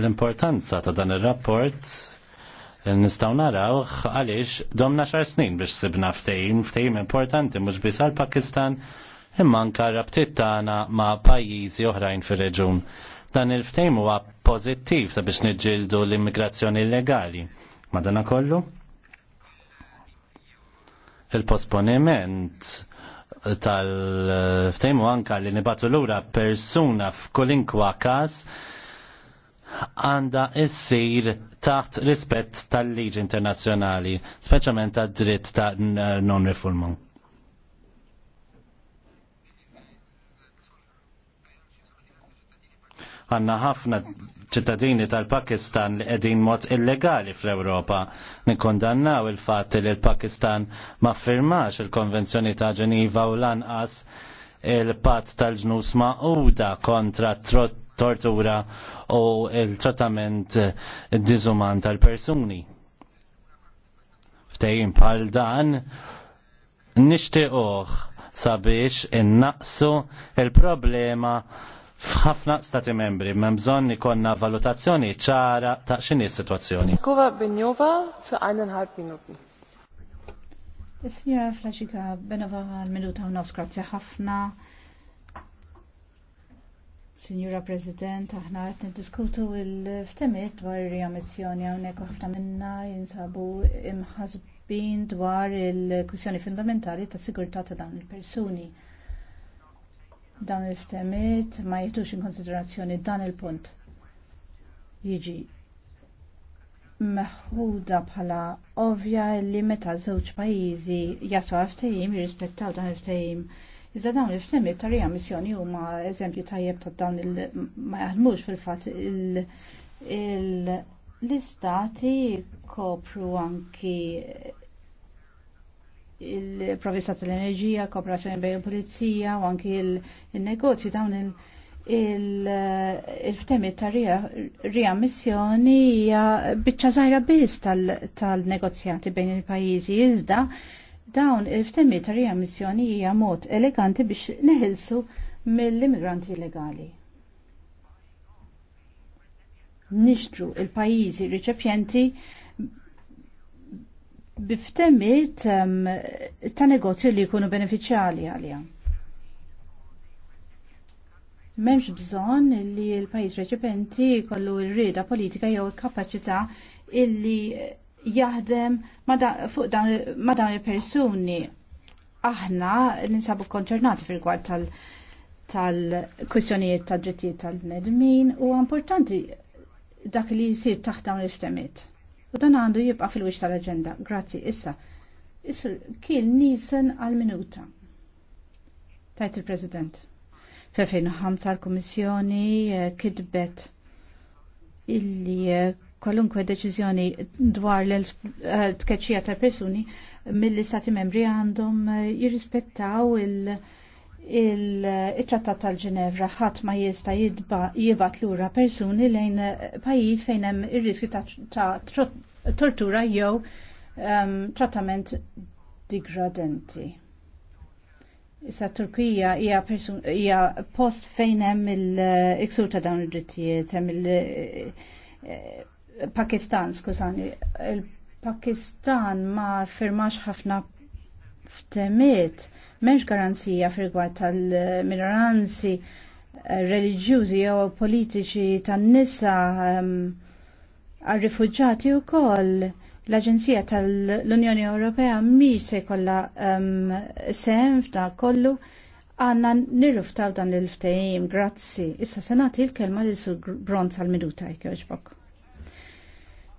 L-importanza ta' dan il-rapport nistaw naraw għaliex domna xar snin biex sibna ftejim, ftejim importanti mhux biss għal Pakistan imma anka rabtiet tagħna ma' pajjiżi oħrajn fir-reġun. Dan il-ftejm huwa pożittiv sabiex niġġieldu l-immigrazzjoni illegali. Madana kollu? Il-posponiment tal-ftejmu anka li nibatu l-ura persuna f'kolinkwa kas għanda issir taħt rispett tal-liġi internazzjonali, speċjalment tad dritt ta' non-refulmon. Għanna ħafna ċittadini tal-Pakistan li qegħdin mod illegali fl-Ewropa. Nikkondannaw il-fatt li l-Pakistan ma firmax il-Konvenzjoni ta' Ġeniva u lanqas il-patt tal-ġnus ma'uda kontra tortura u il-trattament diżuman tal-persuni. Ftejn bħal dan nixtiequ sabiex innaqsu il-problema il problema f'ħafna stati membri, ma bżonn ikonna valutazzjoni ċara ta' x'inhi s-sitwazzjoni. Kova Benjova fi eineinhalb minuti. Is-sinjora Flaxika Benova għal-minuta u nofs grazzi ħafna. Sinjura President, aħna qed niddiskutu l-ftemiet dwar ir-riammissjoni hawnhekk ħafna minna jinsabu imħasbin dwar il-kwissjoni fundamentali tas sigurtà ta' dawn il-persuni dawn il-ftemiet ma jihtux in konsiderazzjoni dan il-punt jiġi meħuda bħala ovvja li meta żewġ pajjiżi jaslu ftehim jirrispettaw dan il-ftehim. Iżda dawn il-ftemiet ta' rija missjoni huma eżempju tajjeb ta' dawn il- ma jaħdmux fil-fatt il- l-istati kopru anki il provvista tal-enerġija, kooperazzjoni bejn il-polizija u anki il-negozju dawn il ftemiet ta' riammissjoni hija biċċa żgħira biss tal-negozjati bejn il-pajjiżi iżda dawn il ftemiet ta' riammissjoni hija mod eleganti biex neħilsu mill-immigranti illegali. Nixtru il-pajjiżi riċepjenti biftemiet ta' negozju li jkunu beneficjali għalija. Memx bżon li l-pajis reċipenti kollu rrida politika jew kapacità illi jaħdem ma dawn il-persuni. Aħna ninsabu konċernati fil-gwad tal-kwissjonijiet tal drittijiet tal-medmin u importanti dak li jisib taħt dawn il-ftemiet u dan għandu jibqa fil wiċċ tal-agenda. Grazzi, issa. Issa kien nisen għal-minuta. Tajt il-President. F-2005 l-Komissjoni eh, kidbet illi eh, kwalunkwe deċiżjoni dwar l-tkeċija eh, tal persuni mill-istati membri għandhom jirrispettaw il- il-trattat tal-ġenevra ħadd ma jista jibat lura persuni lejn eh, pajjiż fejn hemm ir-riskju ta' tortura jew ehm, trattament digradenti. Issa Turkija hija post fejn hemm il-iksur ta' dawn id-drittijiet, hemm il-Pakistan, eh, skużani, il-Pakistan ma firmax ħafna ftemiet m'hemmx garanzija f'rigward tal-minoranzi eh, reliġjużi jew politiċi tan-nisa ehm, għal rifuġġati u koll l-Aġenzija tal-Unjoni Ewropea mi se kolla um, ehm, sem f'da kollu għanna nirruftaw dan l-ftejim, grazzi. Issa senati il-kelma li su bronz għal-minuta jkjoġbok.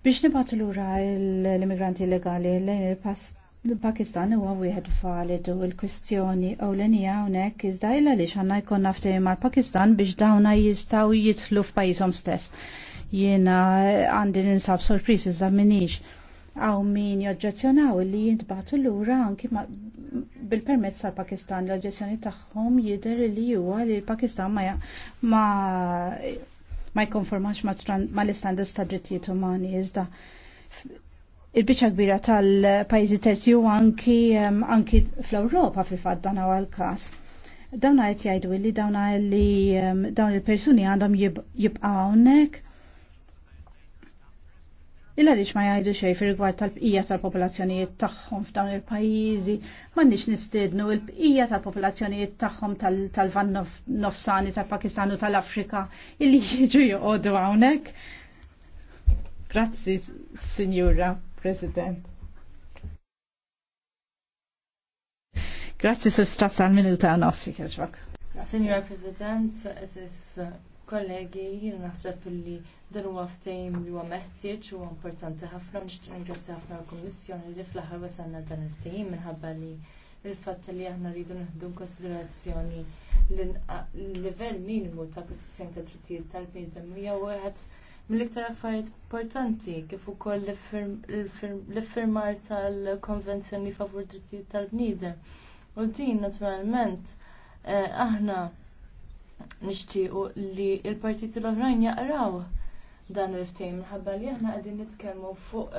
Biex nibatu l-ura l-immigranti illegali lejn il-past il pakistan huwa wieħed validu l-kwistjoni ewlenija hawnhekk iżda illa li xanna jkun naftehim mal-Pakistan biex dawna jistgħu jidħlu f'pajjiżhom stess. Jiena għandi ninsab sorpriż iżda minix. Għaw min joġġezzjonaw li jintbagħtu lura anki bil-permezz tal-Pakistan l ġazzjoni tagħhom jidher li huwa li l-Pakistan ma, ma ma jkonformax ma l-istandards ta' drittijiet umani iżda il bicċa kbira tal-pajzi terzi u anki, anki fl-Europa fil-fat dan għal kas. Dawn għet jajdu li dawn li dawn il-persuni għandhom jibqa għonnek. Illa lix ma jajdu xej fil rigward tal-bqija tal-popolazzjonijiet tagħhom f'dawn il-pajjiżi, m'għandniex nistednu l-bqija tal-popolazzjonijiet tagħhom tal-van nofsani tal-Pakistan u tal-Afrika illi jiġu joqogħdu hawnhekk. Grazzi, Signora. President. Grazzi sur stazza għal minuta għal nofsi, kħeġbak. Signor President, esis kollegi, jien naħseb li dan huwa li huwa meħtieġ u importanti ħafna nixtieq ringrazzja ħafna l-Kummissjoni li fl-aħħar wasalna dan il-ftehim minħabba li il-fatt li aħna rridu naħdu konsiderazzjoni l-livell minimu ta' protezzjoni ta' drittijiet tal-bniedem hija wieħed mill-iktar affarijiet importanti kif ukoll l-iffirmar tal-Konvenzjoni favur drittijiet tal-bniedem. U din naturalment eh, aħna nixtiequ li l-partiti l-oħrajn jaqraw dan il-ftehim minħabba li aħna qegħdin nitkellmu fuq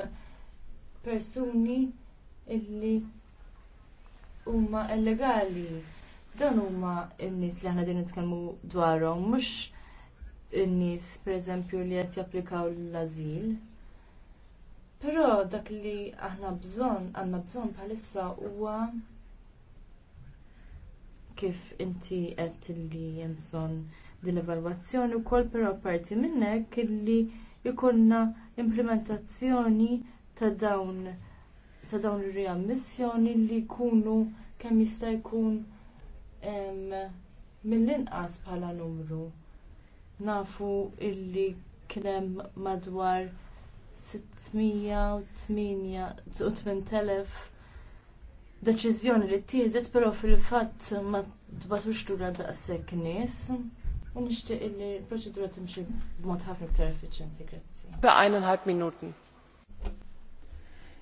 persuni illi huma illegali. Dan huma n-nies li aħna qegħdin nitkellmu dwarhom mhux n-nies pereżempju li qed japplikaw l-ażil. Però dak li aħna bżonn għandna bżonn bħalissa huwa kif inti qed li hemm bżonn din l-evalwazzjoni wkoll però parti minn hekk li jkollna implementazzjoni ta' dawn ta' dawn ir-riammissjoni li jkunu kemm jista' jkun mill-inqas bħala numru nafu illi kien hemm madwar 688.000 deċiżjoni li ttieħdet però fil-fatt ma tbatux lura daqshekk nies. U nixtieq illi l-proċedura timxi b'mod ħafna iktar effiċjenti, grazzi. Ba' eineinhalb minuten.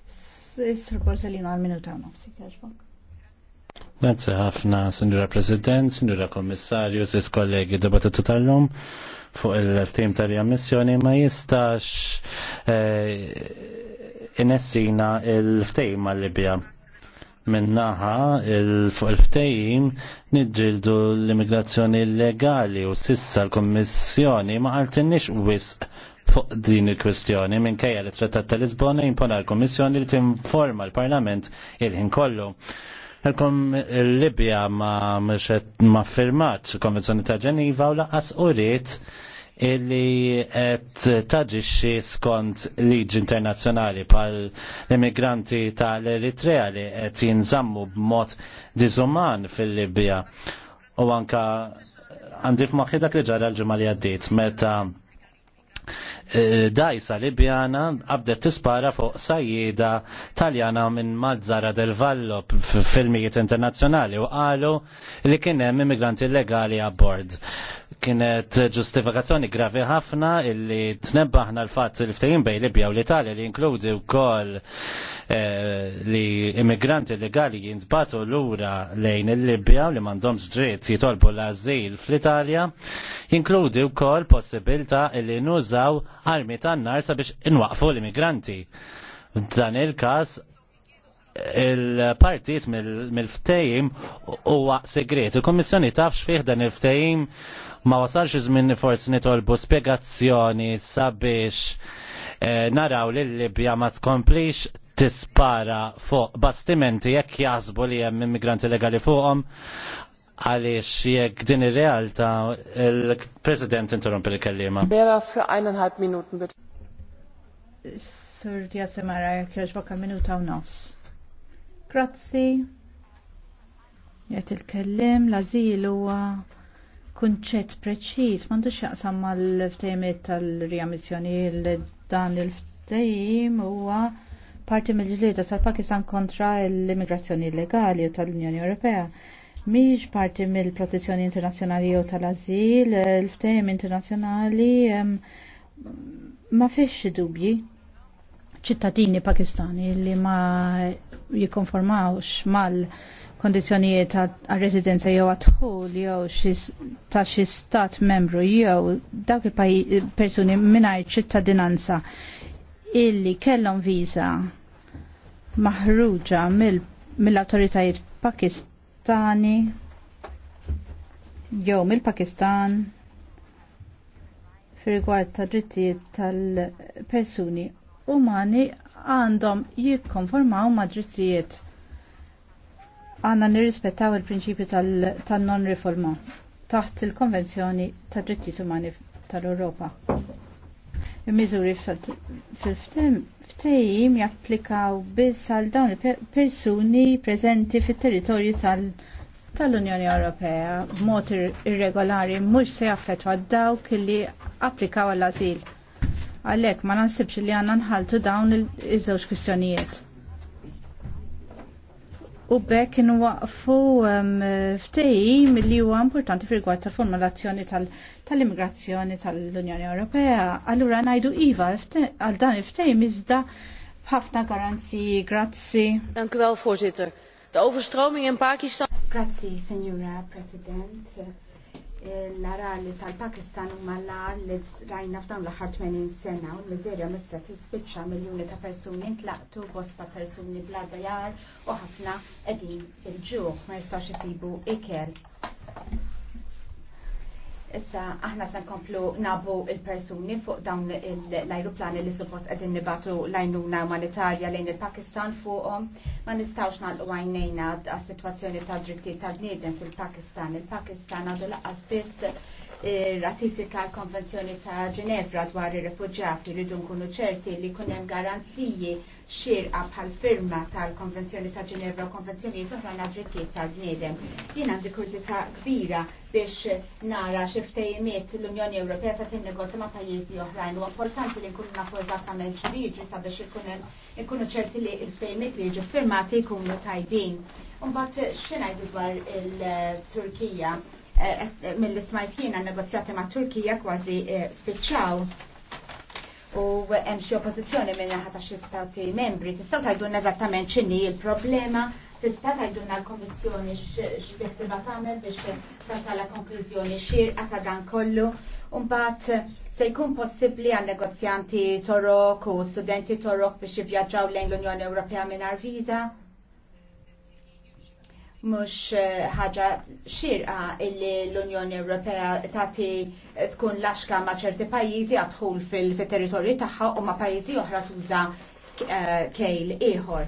Is-Sir Salina għal minuta nofsi, kħarġbok. Grazie ħafna, Sinjura President, Sinjura Kommissarju, Sis kollegi, debattitu tal-lum fuq il-ftim tal-jammissjoni ma jistax eh, inessina il ftim mal-Libja minnaħa fuq il ftim nidġildu l-immigrazzjoni illegali u sissa l-Kommissjoni ma għaltinix wisq fuq din il-kwestjoni minn kajja l trattat tal-Lisbona jimpona l-Kommissjoni li tinforma l-Parlament il-ħin kollu. Ilkom il-Libja ma mxet ma firmat konvenzjoni ta' Ġeniva u laqas uriet illi qed taġixxi skont liġi internazzjonali pal immigranti tal-Eritrea li qed jinżammu b'mod diżuman fil-Libja u anka għandif maħħidak li ġara l-ġimgħa li għaddiet meta Eh, dajsa Libjana għabdet tispara fuq sajjida Taljana minn Malzara del Vallo f'filmijiet internazzjonali u qalu li kien hemm immigranti illegali abbord kienet ġustifikazzjoni gravi ħafna illi tnebbaħna l-fatt li ftehim bej Libja u l-Italja li inkludi wkoll eh, li immigranti legali jintbatu lura lejn il-Libja li m'għandhomx dritt jitolbu l-azil fl-Italja jinkludi wkoll possibilità li nużaw armi tan-nar sabiex inwaqfu l-immigranti. Dan il-każ il-partijiet mill-ftejim huwa segret. Il-Kommissjoni tafx fih dan il-ftejim ma wasalx iż-żmien forsi nitolbu spjegazzjoni sabiex eh, naraw li l-Libja ma tkomplix tispara fuq bastimenti jekk jasbu li hemm immigranti legali fuqhom għaliex jekk din ir-realtà il-President interrompi l kellima Bera fi eineinhalb minuten bitte. Sur Diasemara, jekk jaġbaka minuta u nofs. Grazzi. Jgħet il-kellim, l-azil huwa kunċett preċiż, m'għandux jaqsam mal ftejmet tal-riammissjoni dan il ftejm huwa parti mill-ġlieda tal-Pakistan kontra l-immigrazzjoni illegali u tal-Unjoni Ewropea. Mhix parti mill-protezzjoni internazzjonali u tal-azil, l ftejm internazzjonali ma fiex dubji ċittadini pakistani li ma jikonformawx mal kondizjonijiet ta' residenza jew għatħul jew ta' xi stat membru jew dawk il-persuni mingħajr ċittadinanza illi kellhom viża maħruġa mill-awtoritajiet mil Pakistani jew mill-Pakistan fir rigward ta' drittijiet tal-persuni umani għandhom jikkonformaw ma' drittijiet. Għanna nirrispettaw il-prinċipju tal-non-reforma taħt il-Konvenzjoni tad drittijiet umani tal-Europa. Il-miżuri fil-ftejim japplikaw biss għal dawn il-persuni preżenti fit-territorju tal tal-Unjoni Ewropea b'mod irregolari mhux se jaffettwa dawk li applikaw għall-azil. Għalhekk ma nansibx li għandna nħaltu dawn iż-żewġ kwistjonijiet. U bekk nwaqfu um, ftehim li huwa importanti fi tal-formulazzjoni tal-immigrazzjoni tal tal-Unjoni Ewropea. Allura ngħidu iva għal dan il-ftehim iżda b'ħafna garanzi grazzi. Dank u voorzitter. De overstroming in Pakistan. Grazzi, Signora President l-arali tal-Pakistan u mal lar li rajna f'dawn l-ħar 80 sena u l-mizerja missa tispiċċa miljoni ta' persuni intlaqtu bosta persuni bla dajar u ħafna edin il-ġuħ ma jistax isibu ikel. Issa, aħna se nkomplu nabu il-persuni fuq dawn l-ajruplani li suppost qed nibatu l-għajnuna umanitarja lejn il-Pakistan fuqhom. Ma nistgħux nagħlqu għajnejna għas-sitwazzjoni ta' drittijiet tal-bniedem fil-Pakistan. Il-Pakistan għadu laqqa biss ratifika l-Konvenzjoni ta' Ġenevra dwar ir-refuġjati rridu nkunu ċerti li jkun hemm garanziji xirqa bħal firma tal-Konvenzjoni ta' Ġenevra u Konvenzjoni oħra għal drittijiet tal-bniedem. Jien għandi kurzita kbira biex nara xiftejmiet l-Unjoni Ewropea sa' tinnegozja ma' pajjiżi oħrajn u importanti li nkunu nafu eżattament x'liġi sabiex ikun ikunu ċerti li l-ftejmiet li jiġu firmati jkunu tajbin. Mbagħad x'inajdu dwar il-Turkija eh, eh, mill-ismajt jiena negozjati ma' Turkija kważi eh, spiċċaw u hemm xi oppożizzjoni minn naħa ta' xi stati membri. tista' tgħidulna eżattament x'inhi l-problema, tista' tgħidulna l-Kommissjoni x'beħsiba tagħmel biex la konklużjoni xierqa ta' dan kollu. Mbagħad se jkun possibbli għal negozjanti torok u studenti torok biex jivvjaġġaw lejn l-Unjoni Ewropea mingħajr viża mux eh, ħaġa xirqa illi l-Unjoni Ewropea tati tkun laxka ma' ċerti pajizi għadħul fil-territorju tagħha u ma' pajizi oħra tuża eh, kejl ieħor.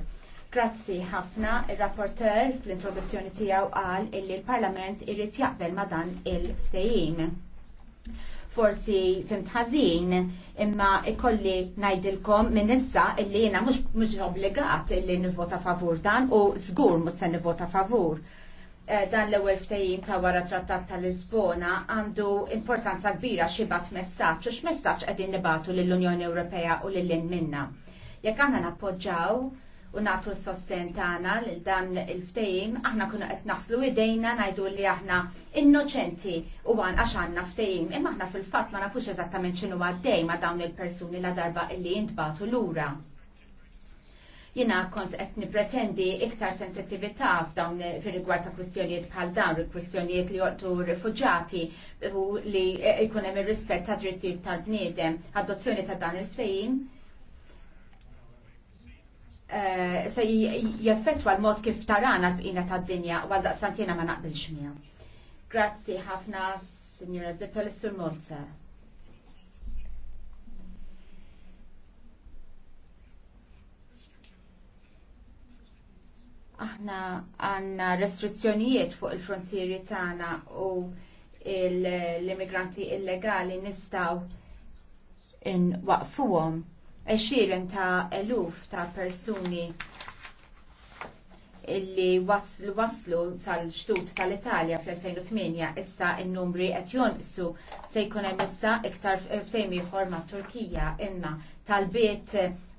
Grazzi ħafna il rapporter fl-introduzzjoni tiegħu qal illi l-Parlament irrit jaqbel ma' dan il ftejim forsi fimt ħażin imma ikolli ngħidilkom minn issa illi jiena mhux obbligat illi nivvota favur dan u żgur mhux se nivvota favur. Eh, dan l-ewwel ftejim ta' wara trattat ta' Lisbona għandu importanza kbira xi messaċ, messaġġ u x'messaġġ qegħdin nibatu lill-Unjoni Ewropea u lil minna. Jekk aħna nappoġġaw u natu s-sosten tagħna lil dan il-ftehim, aħna kuna qed naslu idejna ngħidu li aħna innoċenti u għan għax għandna ftehim, imma aħna fil-fatt ma nafux eżattament x'inhu għaddej ma dawn il-persuni la darba illi jintbatu lura. Jina kont qed nipretendi iktar sensittività f'dawn fir-rigward ta' kwistjonijiet bħal dawn, il-kwistjonijiet li joqtu rifuġati u li jkun hemm ir-rispett ta' drittijiet tal-bniedem, adozzjoni ta' dan il-ftehim Eh, se jaffetwa l-mod kif tarana l-bqina ta' dinja għal daqstantina ma naqbilx miegħu. Grazzi ħafna, Signora Zippel, Sur Molza. aħna għanna restrizzjonijiet fuq il-frontieri tagħna u l-immigranti illegali nistaw in waqfuhom xiren ta' eluf ta' persuni illi waslu waslu sal-ġtut tal-Italja fl-2008 issa n-numri qed jonqsu se jkun hemm issa iktar ftehim ieħor ma' Turkija inna tal-biet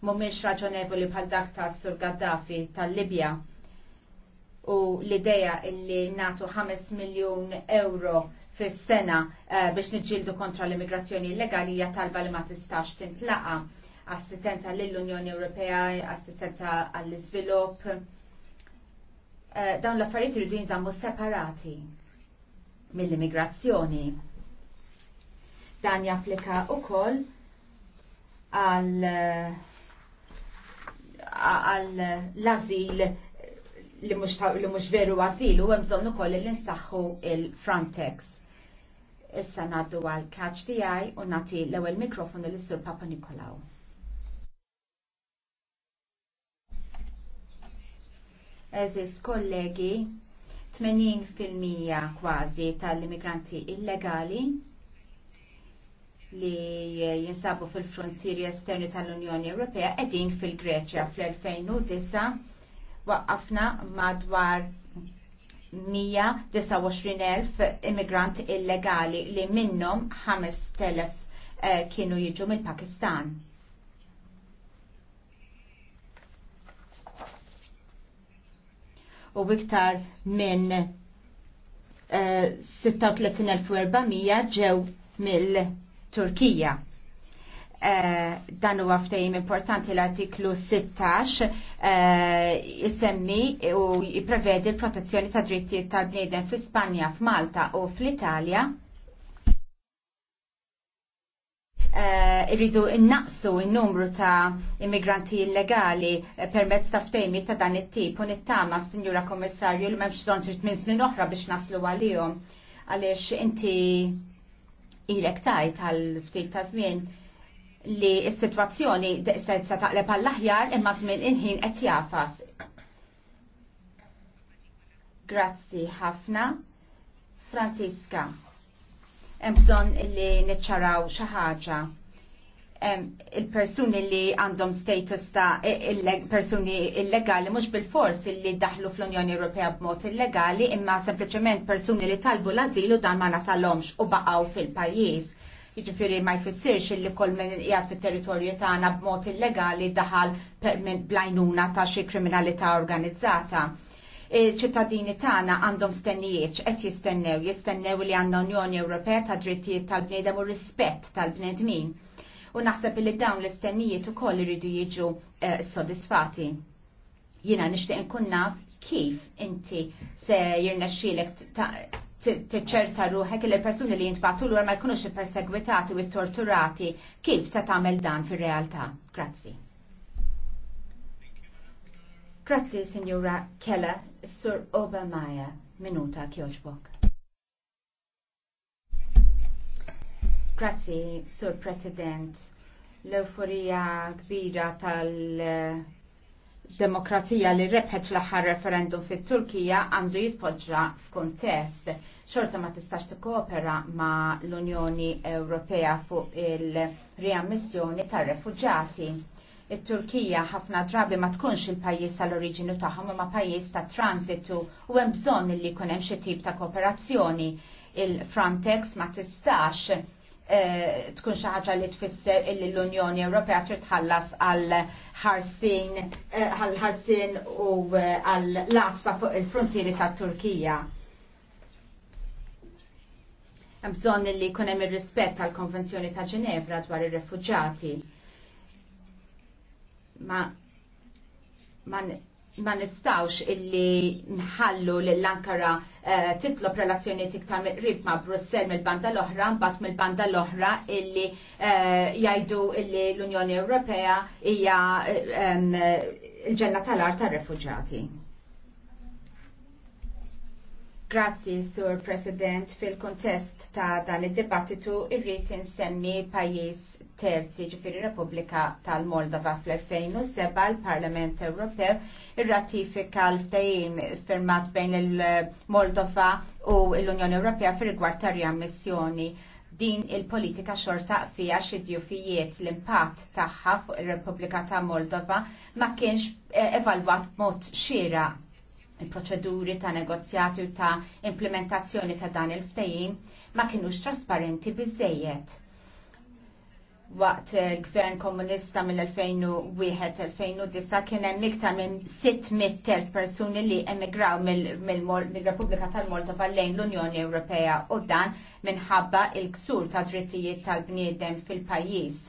mhumiex raġonevoli bħal dak ta' Sur Gaddafi tal-Libja u l-ideja illi natu 5 miljun euro fis-sena eh, biex niġġieldu kontra l-immigrazzjoni illegali hija talba li ma tistax tintlaqa' assistenza lill-Unjoni Ewropea, assistenza għall-iżvilupp. Eh, dawn l-affarijiet irridu jinżammu separati mill-immigrazzjoni. Dan japplika ukoll għal għal l-azil li mhux veru għazil u bżonn ukoll li nsaħħu il-Frontex. Issa ngħaddu għal catch DI u nagħti l ewwel mikrofonu lis sur Papa Nikolaw. eżis kollegi, 80% kważi tal-immigranti illegali li jinsabu fil-frontieri esterni tal-Unjoni Ewropea edin fil-Greċja fl-2009 waqqafna madwar 129.000 immigrant illegali li minnhom 5.000 eh, kienu jiġu mill-Pakistan. u iktar minn uh, eh, 36.400 ġew mill-Turkija. Uh, dan huwa ftehim importanti l-artiklu 16 uh, eh, isemmi u jiprevedi l-protezzjoni ta' drittijiet tal-bniedem fl-Ispanja, f'Malta u fl-Italja Eh, irridu innaqsu il-numru ta' immigranti illegali eh, permezz ta' ftejmi ta' dan it-tip u nittama, Sinjura Kommissarju, li memx don trid minn snin oħra biex naslu għalihom. Għaliex inti ilek tajt għal ftit ta' żmien li s-sitwazzjoni se taqleb għall-aħjar imma żmien inħin qed jafas. Grazzi ħafna. Franziska hemm bżonn li niċċaraw xi ħaġa. Il-persuni li għandhom status ta' persuni illegali mhux bil-fors li daħlu fl-Unjoni Ewropea b'mod illegali imma sempliċement persuni li talbu l-azilu dan ma nagħtalhomx u baqgħu fil-pajjiż. Jiġifieri ma jfissirx li kull min qiegħed fit-territorju tagħna b'mod illegali daħal bl-għajnuna ta' xi kriminalità organizzata il-ċittadini tagħna għandhom stennijiet qed jistennew, jistennew li għandna Unjoni Ewropea ta' drittijiet tal-bniedem u rispett tal-bnedmin. U naħseb li dawn l-istennijiet ukoll iridu jiġu eh, sodisfati. Jiena nixtieq nkun naf kif inti se jirnexxielek tiċċerta ruħek li l-persuni li jintbatu l-għar ma jkunux perseguitati u torturati kif se tagħmel dan fir-realtà. Grazzi. Grazzi, Signora Kella. Sur Obamaya, minuta kjoġbok. Grazzi, Sur President. L-euforija kbira tal-demokrazija li rebħet fl-aħħar referendum fit-Turkija għandu jitpoġġa f'kuntest. Xorta ma tistax tikkoopera ma l-Unjoni Ewropea fuq il-riammissjoni tar-refuġati it-Turkija ħafna drabi ma tkunx il-pajjiż tal-oriġinu tagħhom ma pajjiż ta' transitu u hemm bżonn li jkun hemm xi tip ta' kooperazzjoni. Il-Frontex ma tistax eh, tkun xi ħaġa li tfisser illi l-Unjoni Ewropea trid tħallas għal ħarsin eh, għal ħarsin u eh, għal lassa fuq il-frontieri tat-Turkija. Hemm bżonn li jkun hemm ir-rispett tal-Konvenzjoni ta' Ġinevra dwar ir-refuġġati ma ma ma nistawx illi nħallu l-Ankara uh, titlob relazzjoniet iktar rib ma' Brussel mill-banda l-oħra, mbagħad mill-banda l-oħra illi uh, jgħidu illi l-Unjoni Ewropea hija um, il-ġenna tal ar tar-refuġati. Grazzi, Sur President, fil-kontest ta' dan id-dibattitu irrid insemmi pajjiż terzi ġifiri Repubblika tal-Moldova fl-2007 l-Parlament Ewropew irratifika l-fejm firmat bejn il-Moldova u l-Unjoni Ewropea fir rigward ta' riammissjoni. Din il-politika xorta fija xidju fijiet l-impatt tagħha fuq ir-Repubblika ta' Moldova ma kienx eh, evalwat mod xira il-proċeduri ta' negozjati u ta' implementazzjoni ta' dan il-ftejim ma kienux trasparenti biżejjed waqt il-gvern komunista mill-2001-2009 kien hemm iktar minn 600,000 persuni li emigraw mill-Repubblika tal-Moldova lejn l-Unjoni Ewropea u dan minħabba il-ksur ta' drittijiet tal-bniedem fil-pajjiż.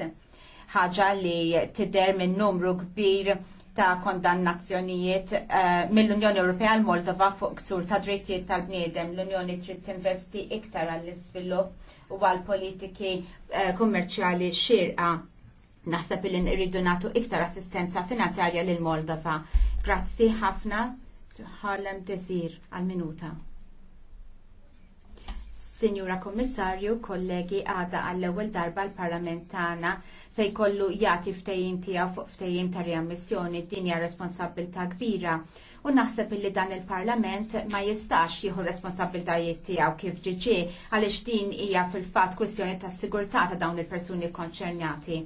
Ħaġa li tidher minn numru kbir ta' kondannazzjonijiet eh, mill-Unjoni Ewropea għal Moldova fuq ksur ta' drittijiet tal-bniedem. L-Unjoni trid tinvesti iktar għall-iżvilupp u għall politiki eh, kummerċjali xirqa. Naħseb li nridu nagħtu iktar assistenza finanzjarja lil Moldova. Grazzi ħafna, Harlem Desir, għal-minuta. Sinjura Kommissarju, kollegi għada għall-ewwel darba l-Parlament tagħna se jkollu jagħti ftejin tiegħu fuq ftejim ta' riammissjoni din hija responsabilità kbira u naħseb illi dan il-Parlament ma jistax jieħu responsabiltajiet tiegħu kif ġiġi għaliex din hija fil-fatt kwistjoni ta' sigurtà ta' dawn il-persuni konċernjati.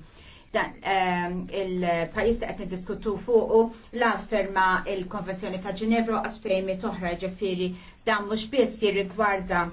Dan ehm, il-pajis qed niddiskutu fuqu la afferma il-Konvenzjoni ta' Ġinevra għas qas toħra ġifieri dan mhux biss jirrigwarda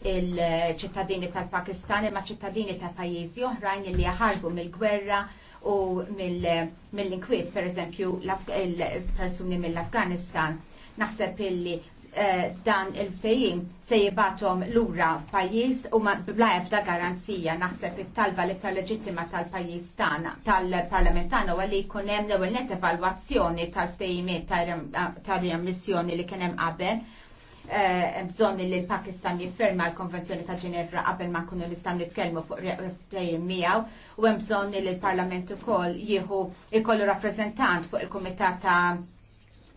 il-ċittadini tal-Pakistan imma ċittadini ta' pajjiżi oħrajn li jaħarbu mill-gwerra u mill-inkwiet, per eżempju, il-persuni mill-Afganistan. Naħseb illi eh, dan il fejjim se jibatom lura f'pajjiż u bla ebda garanzija naħseb it-talba li tal-leġittima tal-pajjiż tagħna tal-parlamentana u li jkun hemm l-ewwel net evalwazzjoni tal fejjimiet tal-remissjoni li kien hemm qabel Eh, bżonn li l-Pakistan jifferma l-Konvenzjoni ta' Ġenevra qabel ma kunu nistgħu nitkellmu fuq rejim miegħu u hemm bżonn li l-Parlament ukoll jieħu ikollu rappreżentant fuq il-Kumitat ta'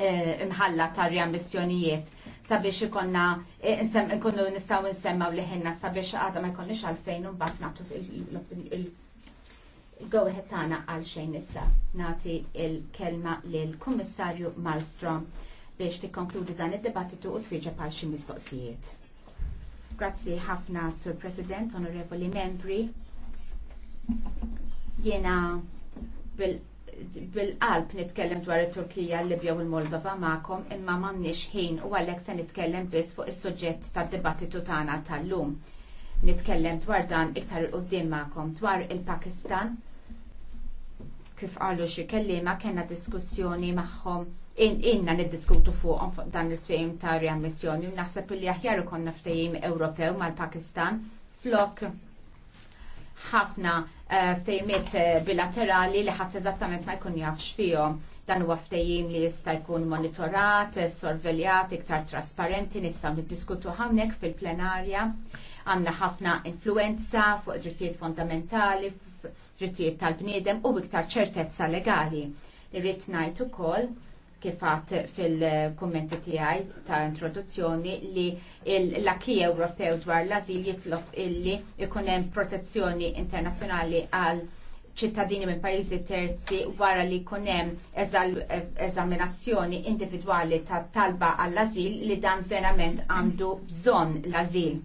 eh, imħalla ta' riammissjonijiet sabiex ikonna eh, nkunu nistgħu nsemmaw li ħinna sabiex għadha ma jkollniex għalfejn u mbagħad nagħtu il-go ahead tagħna għal xejn issa. Nagħti il-kelma lill-Kummissarju Malmstrom biex tikkonkludi dan id-dibattitu u twieġeb għal xi mistoqsijiet. Grazzi ħafna Sur President, Onorevoli Membri. Jiena bil-qalb nitkellem dwar it-Turkija, libja u l-Moldova ma'kom, imma m'għandniex ħin u għalhekk se nitkellem biss fuq is-suġġett tad-dibattitu tagħna tal-lum. Nitkellem dwar dan iktar il qoddim magħkom dwar il-Pakistan kif qalu xi kelliema kellna diskussjoni magħhom in inna niddiskutu fuq dan il-fejm ta' riammissjoni u naħseb li aħjar ikonna ftejim Ewropew mal-Pakistan flok ħafna eh, ftejmiet eh, bilaterali li ħadd eżattament ma jkun jafx fihom dan huwa ftehim li jista' jkun monitorat, sorveljat, iktar trasparenti, nistgħu niddiskutu hawnhekk fil-plenarja. Għandna ħafna influenza fuq drittijiet fondamentali, drittijiet tal-bniedem u iktar ċertezza legali. Irrid ngħid ukoll kifat fil-kommenti tijaj ta' introduzzjoni li l-akki Ewropew dwar l-azil jitlob illi ikunem protezzjoni internazzjonali għal ċittadini minn pajjiżi terzi wara li jkun hemm eżaminazzjoni individwali ta' talba għall-azil li dan verament għandu bżonn l-azil.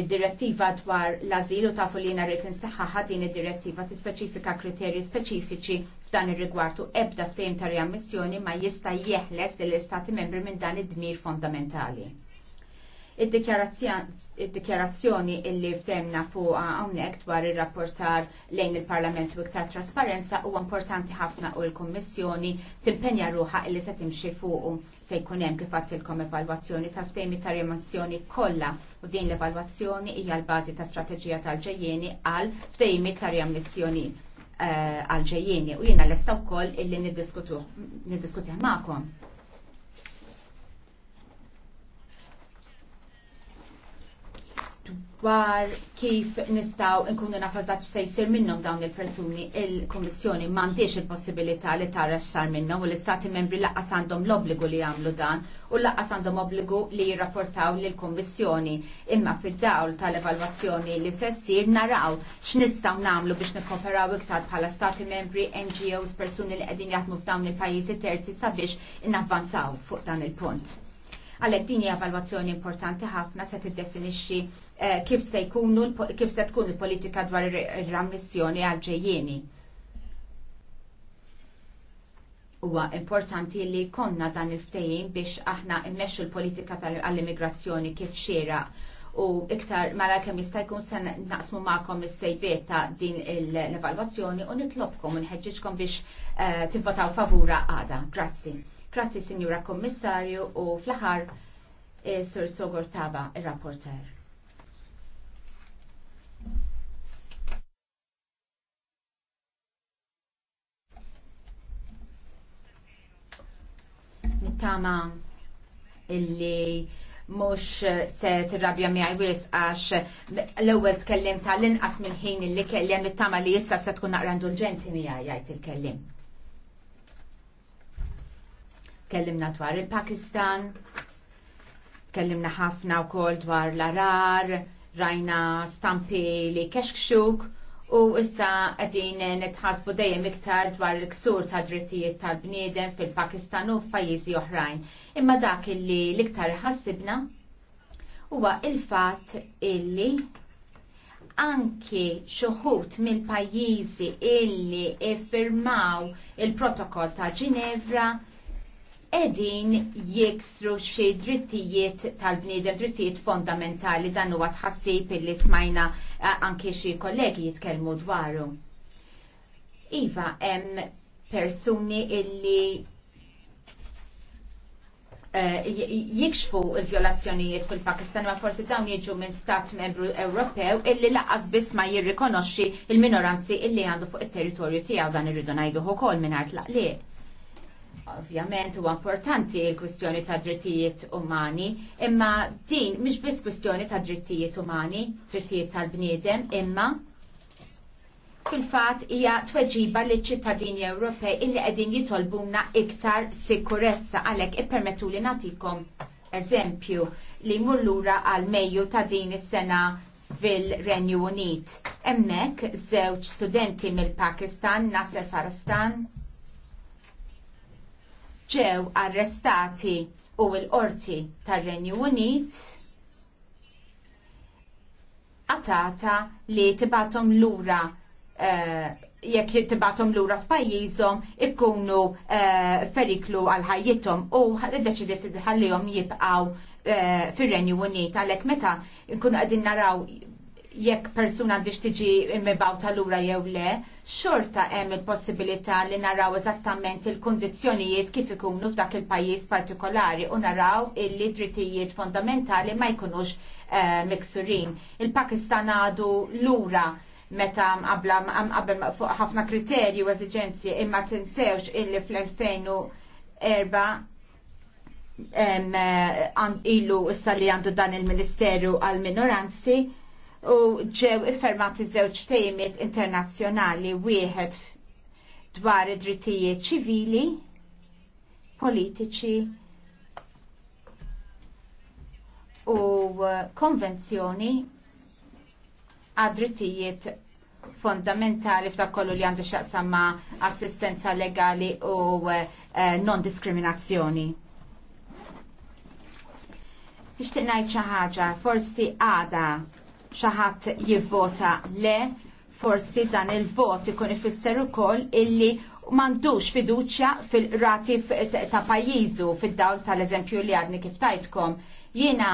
Il-direttiva dwar l-azil u ta' fulina rritin rrit din id-direttiva tispeċifika kriterji speċifiċi F'dan ir-rigward u ebda ftehim ta' riammissjoni ma jista' jeħles lill-Istati membri minn dan id-dmir fondamentali. Id-dikjarazzjoni illi ftemna fuq hawnhekk dwar ir-rapportar lejn il-Parlament u iktar trasparenza huwa importanti ħafna u l-Kummissjoni timpenja ruħa illi se timxi fuq se jkun hemm kif għattilkom evalwazzjoni ta' ftejmi ta' riammissjoni kollha u din l-evalwazzjoni hija l-bażi ta' strateġija tal-ġejjeni għal ftejmi ta' riammissjoni Eh, għalġejjeni u jiena l-esta wkoll illi niddiskutih magħkom. dwar kif nistaw nkunu nafazax se jsir minnhom dawn il-persuni il-Kummissjoni m'għandix il-possibilità li tara xar minnhom u l-Istati membri laqqas għandhom l-obbligu li jagħmlu dan u laqqas għandhom obbligu li jirrapportaw l kummissjoni imma fid-dawl tal-evalwazzjoni li se ssir naraw x'nistgħu nagħmlu biex nikkoperaw iktar bħala Stati membri, NGOs, persuni li qegħdin jaħdmu f'dawn il-pajjiżi terzi sabiex innavvanzaw fuq dan il-punt. Għalhekk din evalwazzjoni importanti ħafna se tiddefinixxi eh, kif se jkunu kif se tkun il-politika dwar ir-rammissjoni għal ġejjieni. Huwa importanti li konna dan il-ftehim biex aħna immexxu l-politika tal-immigrazzjoni kif xiera u iktar mala kemm jista' jkun se naqsmu magħkom is-sejbiet ta' din l-evalwazzjoni u nitlobkom u nħeġġiġkom biex eh, tivvotaw favura għada. Grazzi. Grazzi Signora Kommissarju u fl-aħħar e, eh, Sur Sogor Taba, ir-rapporter. Nittama illi mux se tirrabja mi għajwis għax l-ewel t-kellim tal-inqas minn ħin illi kellim nittama li jissa se tkun naqra indulġenti mi għajajt il-kellim tkellimna dwar il-Pakistan, tkellimna ħafna u kol dwar l-arar, rajna stampi li kexkxuk, u issa għedin nitħasbu dejjem iktar dwar l-ksur ta' drittijiet tal-bniedem fil-Pakistan u f'pajjiżi oħrajn. Imma dak illi l-iktar ħassibna huwa il-fatt illi anki xuħut mill-pajjiżi illi iffirmaw il-protokoll ta' Ginevra edin jiksru xi drittijiet tal-bniedem, drittijiet fondamentali dan huwa tħassib illi smajna eh, anke xi kollegi jitkellmu dwaru. Iva, hemm persuni illi eh, jikxfu il-violazzjonijiet fil-Pakistan ma forsi dawn jiġu minn stat membru Ewropew illi laqas biss ma jirrikonoxxi il-minoranzi illi għandu fuq it-territorju tiegħu dan irridu ngħidu ukoll mingħajr tlaqliq. Ovvjament huwa importanti l-kwistjoni ta' drittijiet umani, imma din mhix biss kwistjoni ta' drittijiet umani, drittijiet tal-bniedem, imma fil-fatt hija tweġiba li ċittadini Ewropej illi qegħdin jitolbuna iktar sikurezza għalhekk ippermettu li nagħtikom eżempju li jmur lura għal Mejju ta' din is-sena fil-Renju Unit. Hemmhekk żewġ studenti mill-Pakistan, Nasser Farastan, ġew arrestati u l-qorti tar-Renju Unit għatata li tibatom lura eh, jekk tibatom lura f'pajjiżhom ikkunu eh, feriklu għal ħajjithom u deċidiet ħallihom jibqgħu eh, fir-Renju Unit għalhekk meta nkunu qegħdin naraw jekk persuna għandix tiġi imbibawta lura jew le, xorta hemm il-possibilità li naraw eżattament il-kundizzjonijiet kif ikunu f'dak il-pajjiż partikolari u naraw illi drittijiet fondamentali ma jkunux uh, miksurin. Il-Pakistan għadu lura meta qabla qabel fuq ħafna kriterji u eżiġenzi imma tinsewx illi fl-2004 eh, ilu issa li għandu dan il-Ministeru għal-minoranzi u ġew iffermati żewġ tejmiet internazzjonali wieħed dwar id-drittijiet ċivili, politiċi u uh, konvenzjoni għad-drittijiet fondamentali f'dak kollu li għandu xaqsam ma' assistenza legali u uh, uh, non-diskriminazzjoni. Ixtiq ngħid xi ħaġa, forsi għada xaħat jivvota le, forsi dan il-vot ikun ifisser ukoll illi mandux fiduċja fil-rati ta' pajjiżu fid-dawl tal-eżempju li għadni kif tajtkom. Jiena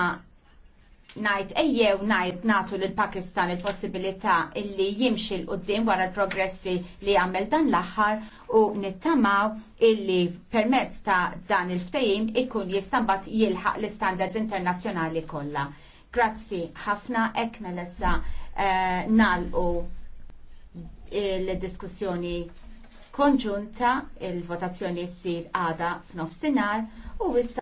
najt ejjew najt natu l-Pakistan il-possibilità illi jimxi l-qoddim wara l-progressi li għamel dan l-axħar u nittamaw illi permezz ta' dan il ftehim ikun jistambat jilħaq l-standards internazzjonali kollha. Grazzi, ħafna ekna mela l-essa eh, nalqu l diskussjoni konġunta, il-votazzjoni s-sir għada f'nofsinar u issa